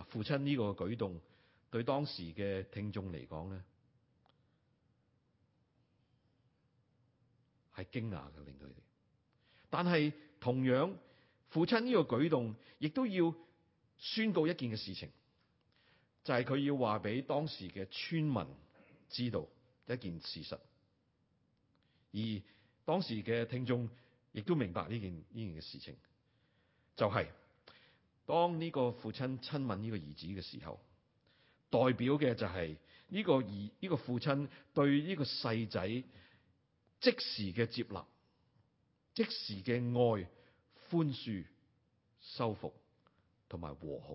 嗱，父親呢個舉動對當時嘅聽眾嚟講咧？係驚訝嘅，令到佢哋。但係同樣，父親呢個舉動，亦都要宣告一件嘅事情，就係佢要話俾當時嘅村民知道一件事實。而當時嘅聽眾，亦都明白呢件呢件嘅事情，就係當呢個父親親吻呢個兒子嘅時候，代表嘅就係呢個兒呢個父親對呢個細仔即時嘅接納，即時嘅愛、寬恕、修復同埋和好。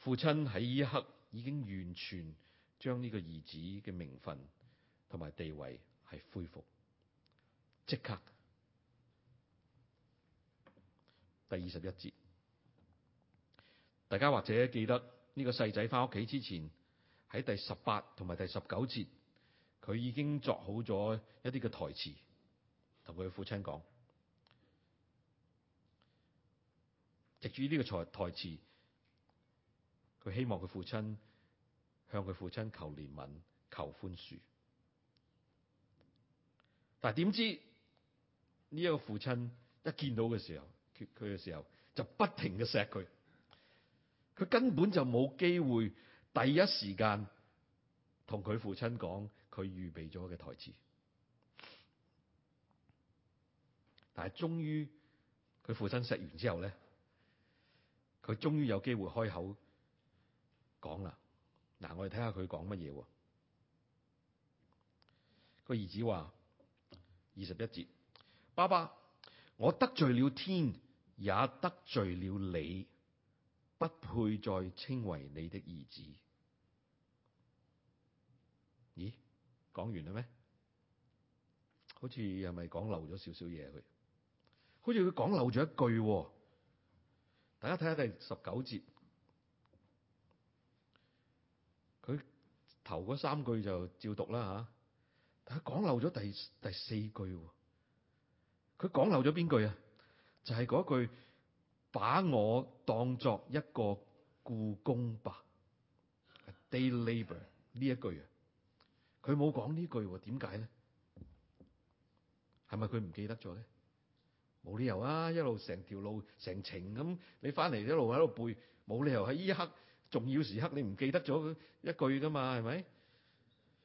父親喺呢一刻已經完全將呢個兒子嘅名分同埋地位係恢復。即刻，第二十一節，大家或者記得呢個細仔翻屋企之前喺第十八同埋第十九節。佢已經作好咗一啲嘅台詞，同佢父親講，直至呢個台詞個台詞，佢希望佢父親向佢父親求憐憫、求寬恕。但係點知呢一，這個父親一見到嘅時候，佢佢嘅時候就不停嘅錫佢，佢根本就冇機會第一時間同佢父親講。佢預備咗嘅台詞，但係終於佢父親食完之後咧，佢終於有機會開口講啦。嗱，我哋睇下佢講乜嘢。個兒子話：二十一節，爸爸，我得罪了天，也得罪了你，不配再稱為你的兒子。咦？講完啦咩？好似又咪講漏咗少少嘢。佢好似佢講漏咗一句，喔。大家睇下第十九節，佢頭嗰三句就照讀啦吓。但係講漏咗第第四句，喔。佢講漏咗邊句啊？就係、是、嗰句把我當作一個僱工吧、a、，day labor 呢一句啊。佢冇講呢句，點解咧？係咪佢唔記得咗咧？冇理由啊！一路成條路成程咁，你翻嚟一路喺度背，冇理由喺呢一刻重要時刻你唔記得咗一句噶嘛？係咪？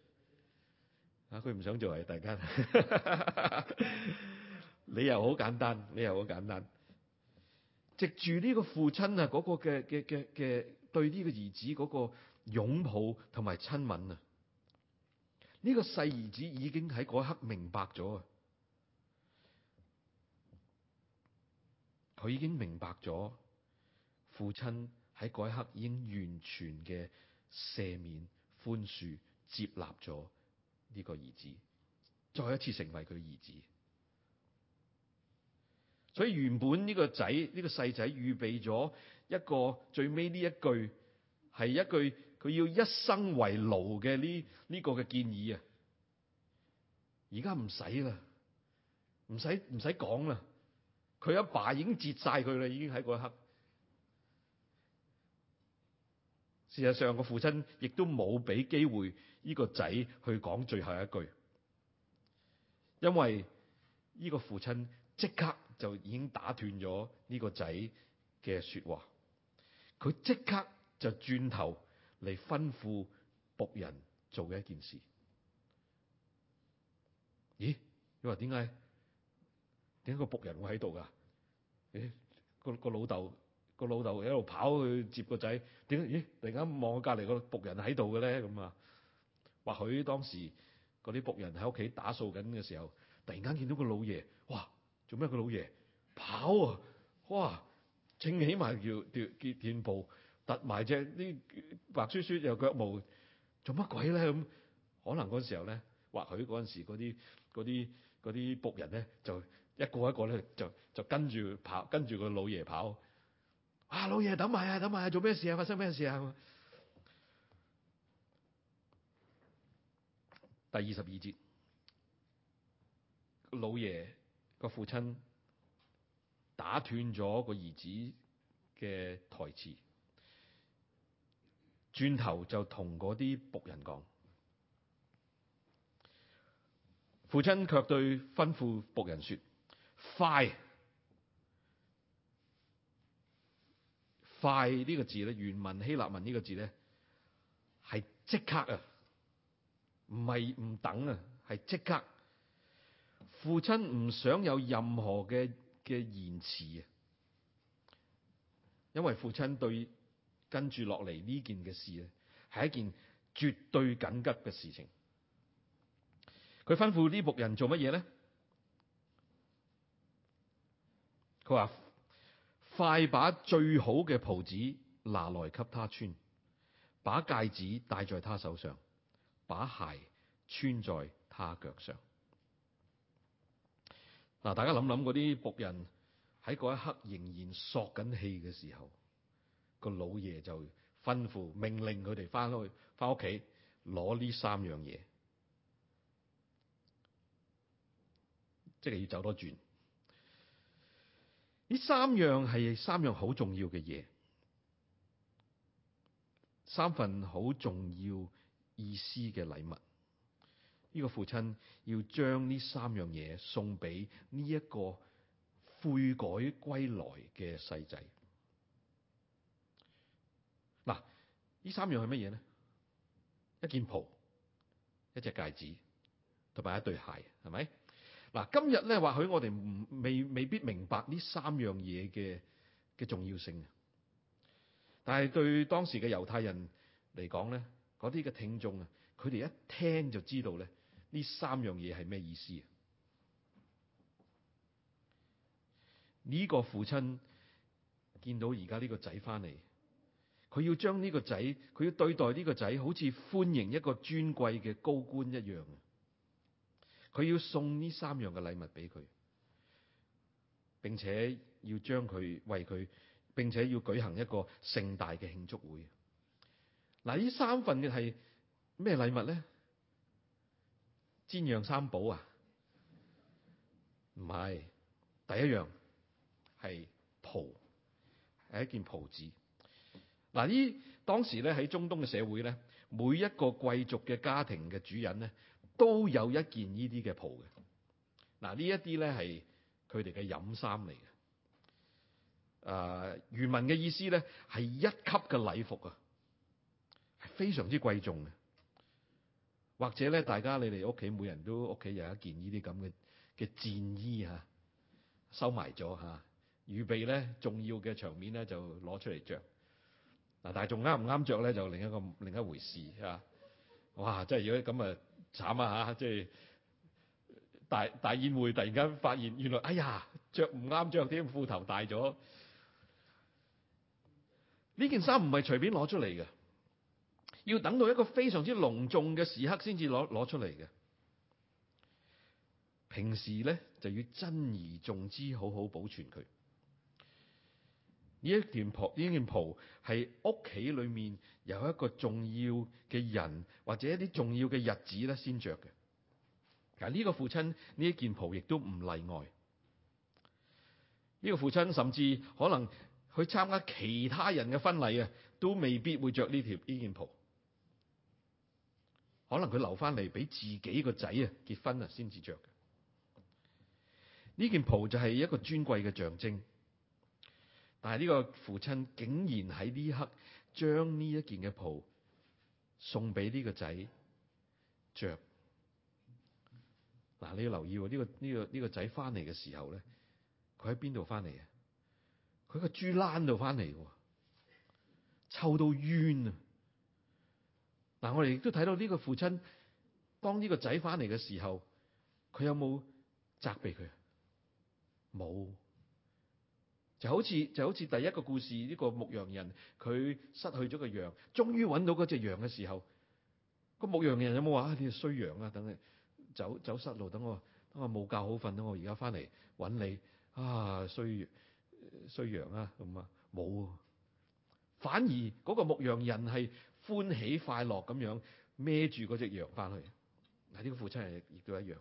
啊，佢唔想做啊！大家 理，理由好簡單，你又好簡單，藉住呢個父親啊、嗰個，嗰個嘅嘅嘅嘅對呢個兒子嗰個擁抱同埋親吻啊！呢個細兒子已經喺嗰刻明白咗啊！佢已經明白咗，父親喺嗰一刻已經完全嘅赦免、寬恕、接納咗呢個兒子，再一次成為佢兒子。所以原本呢個仔、呢個細仔預備咗一個最尾呢一句係一句。佢要一生為奴嘅呢呢個嘅建議啊，而家唔使啦，唔使唔使講啦。佢阿爸已經截晒佢啦，已經喺嗰一刻。事實上，個父親亦都冇俾機會呢個仔去講最後一句，因為呢個父親即刻就已經打斷咗呢個仔嘅說話，佢即刻就轉頭。嚟吩咐僕人做嘅一件事。咦？你話點解？點解個僕人會喺度㗎？誒，個個老豆個老豆一路跑去接個仔，點咦？突然間望隔籬個僕人喺度嘅咧，咁啊？或許當時嗰啲僕人喺屋企打掃緊嘅時候，突然間見到個老爺，哇！做咩？個老爺跑啊！哇！正起埋條條件布。揼埋只啲白雪雪又腳毛，做乜鬼咧？咁可能陣時候咧，或許陣時啲啲啲僕人咧，就一個一個咧，就就跟住跑，跟住個老爺跑。啊！老爺等埋啊！等埋啊！做咩事啊？發生咩事啊？咁第二十二節，老爺個父親打斷咗個兒子嘅台詞。轉頭就同嗰啲僕人講，父親卻對吩咐僕人說：快！快呢個字咧，原文希臘文呢個字咧，係即刻啊，唔係唔等啊，係即刻。父親唔想有任何嘅嘅延遲啊，因為父親對。跟住落嚟呢件嘅事呢，係一件絕對緊急嘅事情。佢吩咐呢僕人做乜嘢呢？佢話：快把最好嘅袍子拿來給他穿，把戒指戴在他手上，把鞋穿在他腳上。嗱，大家諗諗嗰啲僕人喺嗰一刻仍然索緊氣嘅時候。個老爺就吩咐命令佢哋翻去翻屋企攞呢三樣嘢，即係要走多轉。呢三樣係三樣好重要嘅嘢，三份好重要意思嘅禮物。呢、呢個父親要將呢三樣嘢送俾呢一個悔改歸來嘅細仔。呢三樣係乜嘢咧？一件袍、一隻戒指同埋一對鞋，係咪？嗱，今日咧，或許我哋唔未未必明白呢三樣嘢嘅嘅重要性，但係對當時嘅猶太人嚟講咧，嗰啲嘅聽眾啊，佢哋一聽就知道咧，呢三樣嘢係咩意思啊？呢個父親見到而家呢個仔翻嚟。佢要將呢個仔，佢要對待呢個仔好似歡迎一個尊貴嘅高官一樣啊！佢要送呢三樣嘅禮物俾佢，並且要將佢為佢，並且要舉行一個盛大嘅慶祝會。嗱，呢三份嘅係咩禮物咧？煎釀三寶啊？唔係，第一樣係袍，係一件袍子。嗱，呢當時咧喺中東嘅社會咧，每一個貴族嘅家庭嘅主人咧，都有一件呢啲嘅袍嘅。嗱，呢一啲咧係佢哋嘅飲衫嚟嘅。誒，漁民嘅意思咧係一級嘅禮服啊，係非常之貴重嘅。或者咧，大家你哋屋企每人都屋企有一件呢啲咁嘅嘅戰衣啊，收埋咗嚇，預備咧重要嘅場面咧就攞出嚟着。嗱，但仲啱唔啱着咧，就另一個另一回事嚇。哇，真係如果咁啊，慘啊嚇！即係大大宴會，突然間發現原來，哎呀，着唔啱着啲褲頭大咗。呢件衫唔係隨便攞出嚟嘅，要等到一個非常之隆重嘅時刻先至攞攞出嚟嘅。平時咧就要珍而重之，好好保存佢。呢一件袍，呢件袍係屋企裏面有一個重要嘅人或者一啲重要嘅日子咧先着嘅。嗱，呢個父親呢一件袍亦都唔例外。呢、呢個父親甚至可能去參加其他人嘅婚禮啊，都未必會着呢條呢件袍。可能佢留翻嚟俾自己個仔啊結婚啊先至着。呢件袍就係一個尊貴嘅象徵。但係呢個父親竟然喺呢刻將呢一件嘅袍送俾呢個仔着。嗱、啊、你要留意呢、呢個呢、呢個呢、呢個仔翻嚟嘅時候咧，佢喺邊度翻嚟啊？佢個豬欄度翻嚟，臭到冤啊！嗱、啊，我哋亦都睇到呢個父親當呢個仔翻嚟嘅時候，佢有冇責備佢啊？冇。就好似就好似第一個故事呢、這個牧羊人，佢失去咗個羊，終於揾到嗰隻羊嘅時候，個牧羊人有冇話啊？「你衰羊啊，等你走走失路，等我等我冇覺好瞓啦，等我而家翻嚟揾你啊，衰衰羊啊，咁、嗯、啊冇，啊。」反而嗰個牧羊人係歡喜快樂咁樣孭住嗰隻羊翻去。嗱、這、呢個父親亦都一樣。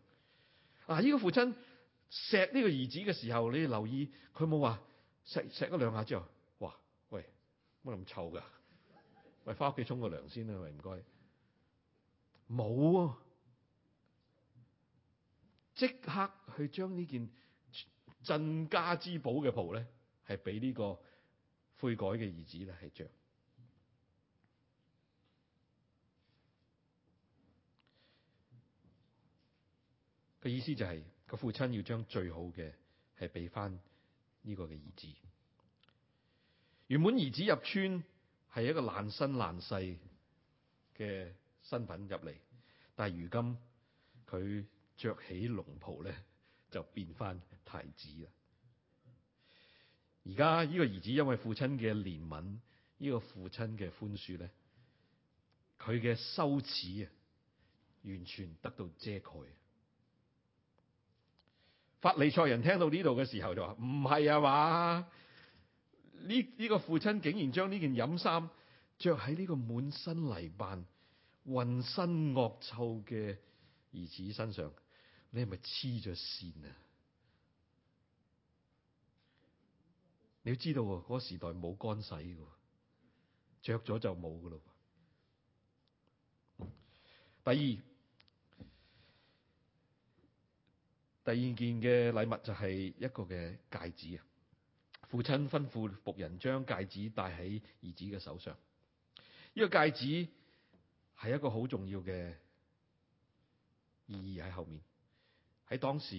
嗱、啊、呢、這個父親錫呢個兒子嘅時候，你留意佢冇話。食食咗兩下之後，哇！喂，乜咁臭噶？喂，返屋企沖個涼先啦，喂，唔該。冇啊！即刻去將呢件鎮家之寶嘅袍咧，係俾呢個悔改嘅兒子咧，係着，嘅意思就係、是、個父親要將最好嘅係俾返。呢個嘅兒子，原本兒子入村係一個爛身爛世嘅身份入嚟，但係如今佢着起龍袍咧，就變翻太子啦。而家呢個兒子因為父親嘅憐憫，呢個父親嘅寬恕咧，佢嘅羞恥啊，完全得到遮蓋。法利賽人聽到呢度嘅時候就話：唔係啊嘛，呢呢、呢個父親竟然將呢件飲衫着喺呢個滿身泥斑、渾身惡臭嘅兒子身上，你係咪黐咗線啊？你要知道嗰個時代冇乾洗嘅，着咗就冇噶咯。第二。第二件嘅禮物就係一個嘅戒指啊！父親吩咐僕人將戒指戴喺兒子嘅手上。呢、這個戒指係一個好重要嘅意義喺後面。喺當時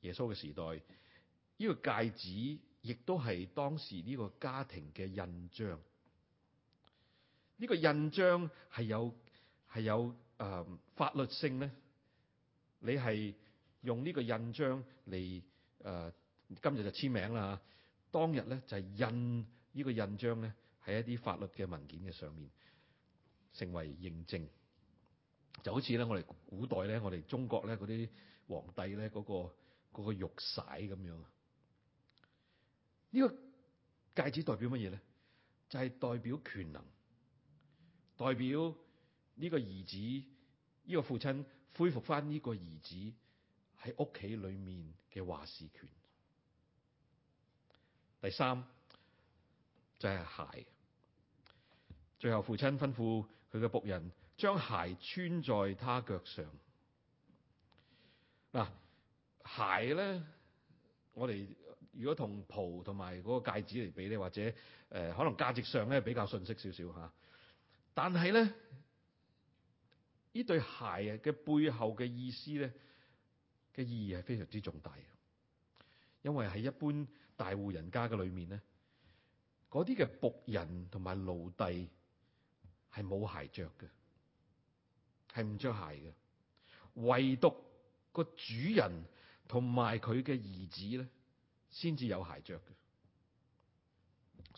耶穌嘅時代，呢、這個戒指亦都係當時呢個家庭嘅印章。呢、這個印章係有係有誒、呃、法律性咧？你係？用呢個印章嚟誒、呃，今日就簽名啦嚇。當日咧就係、係、印呢個印章咧，喺一啲法律嘅文件嘅上面成為認證，就好似咧我哋古代咧，我哋中國咧嗰啲皇帝咧嗰、嗰個嗰個玉璽咁樣。呢、呢個戒指代表乜嘢咧？就係、係、代表權能，代表呢個兒子，呢、呢個父親恢復翻呢個兒子。喺屋企裏面嘅話事權。第三就係、是、鞋。最後父親吩咐佢嘅僕人將鞋穿在他腳上。嗱，鞋咧，我哋如果同袍同埋嗰個戒指嚟比咧，或者誒、呃、可能價值上咧比較遜色少少吓，但係咧呢對鞋嘅背後嘅意思咧。嘅意義係非常之重大嘅，因為喺一般大戶人家嘅裏面咧，嗰啲嘅僕人同埋奴隸係冇鞋着嘅，係唔着鞋嘅。唯獨個主人同埋佢嘅兒子咧，先至有鞋着嘅。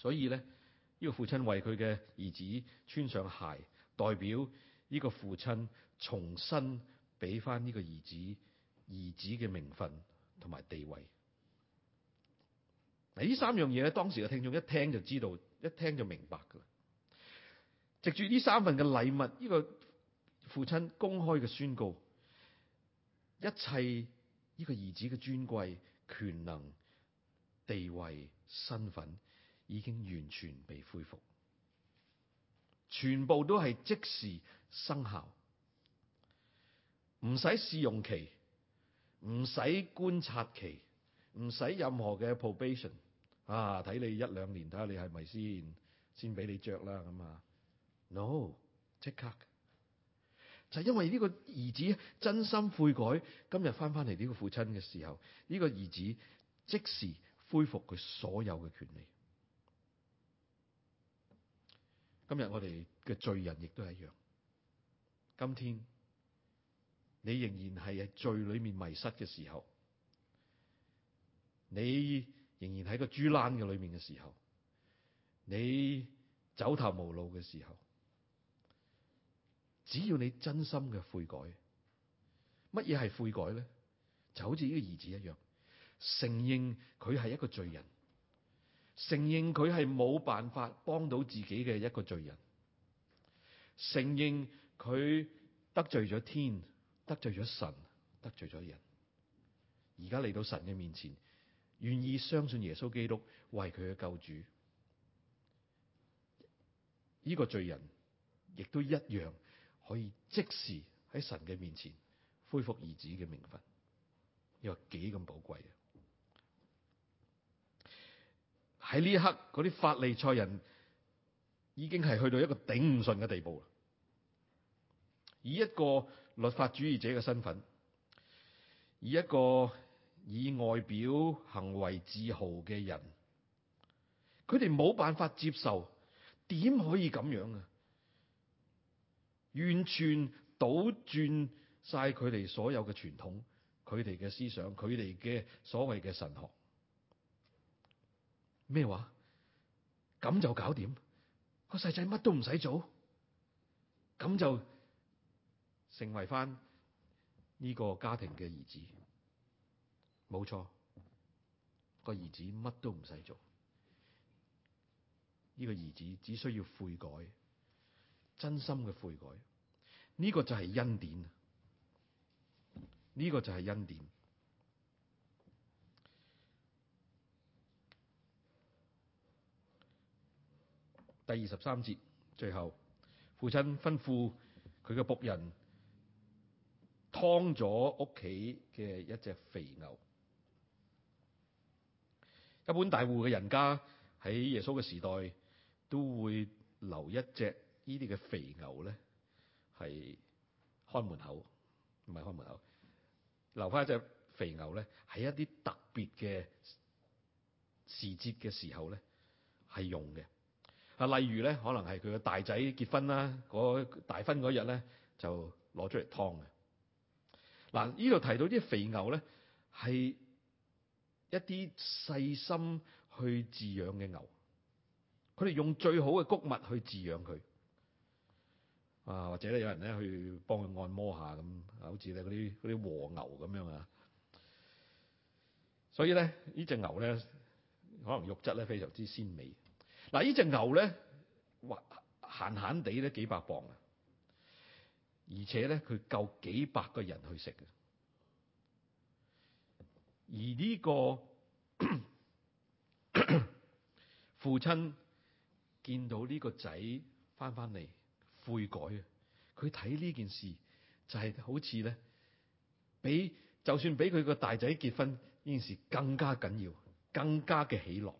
所以咧，呢個父親為佢嘅兒子穿上鞋，代表呢個父親重新俾翻呢個兒子。兒子嘅名分同埋地位，嗱呢三樣嘢咧，當時嘅聽眾一聽就知道，一聽就明白噶啦。藉住呢三份嘅禮物，呢個父親公開嘅宣告，一切呢個兒子嘅尊貴、權能、地位、身份，已經完全被恢復，全部都係即時生效，唔使試用期。唔使觀察期，唔使任何嘅 probation 啊！睇你一兩年，睇下你係咪先先俾你着啦咁啊！No，即刻就係，因為呢個兒子真心悔改，今日翻翻嚟呢個父親嘅時候，呢、呢個兒子即時恢復佢所有嘅權利。今日我哋嘅罪人亦都係一樣。今天。你仍然係喺罪裏面迷失嘅時候，你仍然喺個豬欄嘅裏面嘅時候，你走投無路嘅時候，只要你真心嘅悔改，乜嘢係悔改咧？就好似呢個兒子一樣，承認佢係一個罪人，承認佢係冇辦法幫到自己嘅一個罪人，承認佢得罪咗天。得罪咗神，得罪咗人，而家嚟到神嘅面前，願意相信耶穌基督為佢嘅救主，呢個罪人亦都一樣可以即時喺神嘅面前恢復兒子嘅名分，又幾咁寶貴啊！喺呢一刻，嗰啲法利賽人已經係去到一個頂唔順嘅地步啦，以一個。律法主義者嘅身份，而一個以外表行為自豪嘅人，佢哋冇辦法接受，點可以咁樣啊？完全倒轉晒佢哋所有嘅傳統，佢哋嘅思想，佢哋嘅所謂嘅神學，咩話？咁就搞掂，個細仔乜都唔使做，咁就。成為翻呢個家庭嘅兒子，冇錯，個兒子乜都唔使做，呢個兒子只需要悔改，真心嘅悔改，呢個就係恩典。呢個就係恩典。第二十三節最後，父親吩咐佢嘅僕人。劏咗屋企嘅一隻肥牛。一般大戶嘅人家喺耶穌嘅時代都會留一隻呢啲嘅肥牛咧，係開門口，唔係開門口，留翻一隻肥牛咧，喺一啲特別嘅時節嘅時候咧係用嘅啊。例如咧，可能係佢嘅大仔結婚啦，嗰大婚嗰日咧就攞出嚟劏嘅。嗱，呢度提到啲肥牛咧，係一啲細心去飼養嘅牛，佢哋用最好嘅穀物去飼養佢，啊或者咧有人咧去幫佢按摩下咁，好似咧啲啲和牛咁樣啊，所以咧呢隻牛咧，可能肉質咧非常之鮮美。嗱、啊，呢隻牛咧，哇，閒閒哋咧幾百磅啊！而且咧，佢夠幾百個人去食嘅。而呢個咳咳咳父親見到呢個仔翻翻嚟悔改啊，佢睇呢件事就係好似咧，比就算比佢個大仔結婚呢件事更加緊要，更加嘅喜樂。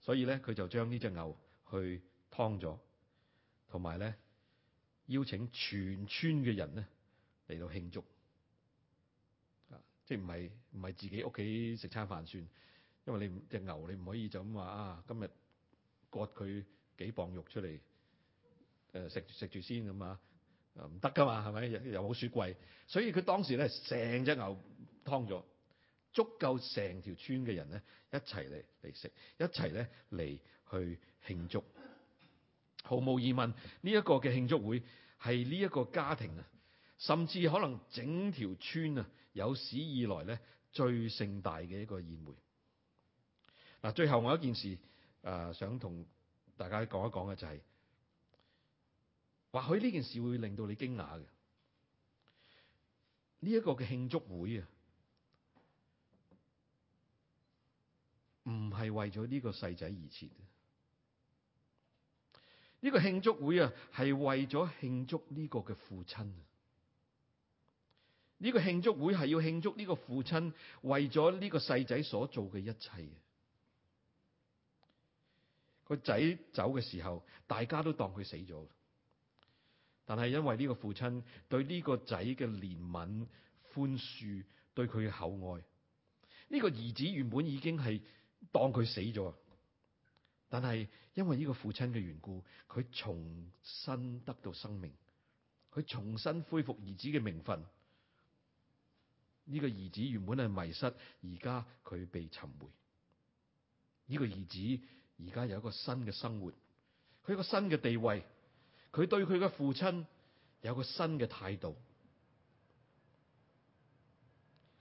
所以咧，佢就將呢隻牛去劏咗，同埋咧。邀請全村嘅人咧嚟到慶祝，啊，即係唔係唔係自己屋企食餐飯算，因為你隻牛你唔可以就咁話啊，今日割佢幾磅肉出嚟，誒食食住先咁啊，唔得噶嘛，係咪？又冇雪櫃，所以佢當時咧成隻牛劏咗，足夠成條村嘅人咧一齊嚟嚟食，一齊咧嚟去慶祝。毫無疑問，呢、這、一個嘅慶祝會係呢一個家庭啊，甚至可能整條村啊有史以來咧最盛大嘅一個宴會。嗱，最後我有一件事啊、呃，想同大家講一講嘅就係、是，或許呢件事會令到你驚訝嘅，呢、這、一個嘅慶祝會啊，唔係為咗呢個細仔而設。呢個慶祝會啊，係為咗慶祝呢個嘅父親。呢個慶祝會係要慶祝呢個父親為咗呢個細仔所做嘅一切。個仔走嘅時候，大家都當佢死咗。但係因為呢個父親對呢個仔嘅憐憫、寬恕、對佢嘅厚愛，呢個兒子原本已經係當佢死咗。但係因為呢個父親嘅緣故，佢重新得到生命，佢重新恢復兒子嘅名分。呢個兒子原本係迷失，而家佢被尋回。呢個兒子而家有一個新嘅生活，佢一個新嘅地位，佢對佢嘅父親有個新嘅態度。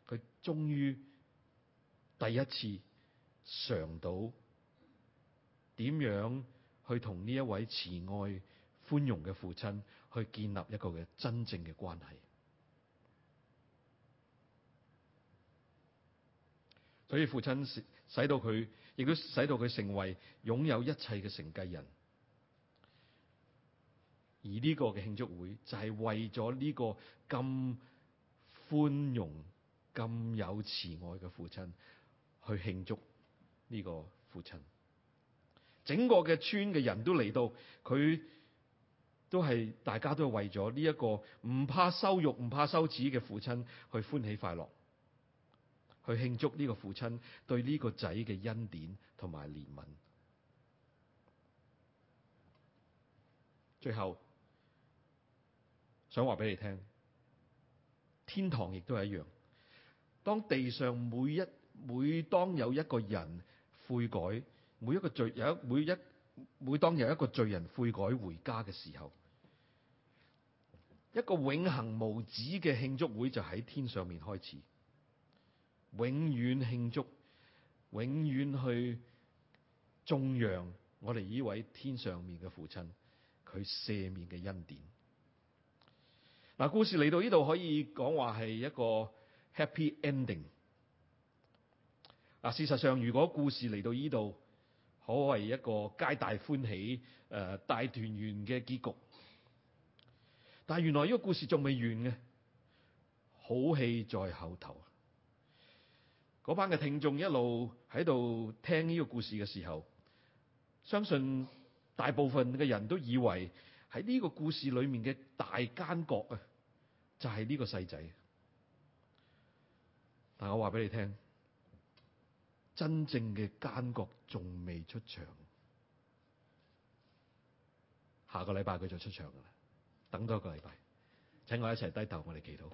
佢終於第一次嘗到。點樣去同呢一位慈愛寬容嘅父親去建立一個嘅真正嘅關係？所以父親使，使到佢，亦都使到佢成為擁有一切嘅承繼人。而呢個嘅慶祝會就係、是、為咗呢個咁寬容、咁有慈愛嘅父親去慶祝呢個父親。整個嘅村嘅人都嚟到，佢都係大家都係為咗呢一個唔怕羞辱、唔怕羞恥嘅父親，去歡喜快樂，去慶祝呢個父親對呢個仔嘅恩典同埋憐憫。最後想話俾你聽，天堂亦都係一樣，當地上每一，每當有一個人悔改。每一個罪有一每一每當有一個罪人悔改回家嘅時候，一個永恒無止嘅慶祝會就喺天上面開始，永遠慶祝，永遠去頌揚我哋呢位天上面嘅父親佢赦免嘅恩典。嗱，故事嚟到呢度可以講話係一個 happy ending。嗱，事實上如果故事嚟到呢度。可謂一個皆大歡喜、誒、呃、大團圓嘅結局。但係原來呢個故事仲未完嘅，好戲在後頭。嗰班嘅聽眾一路喺度聽呢個故事嘅時候，相信大部分嘅人都以為喺呢個故事裏面嘅大奸角啊，就係、是、呢個細仔。但我話俾你聽。真正嘅奸角仲未出場，下個禮拜佢就出場啦。等多一個禮拜，請我一齊低頭我們，我哋祈禱。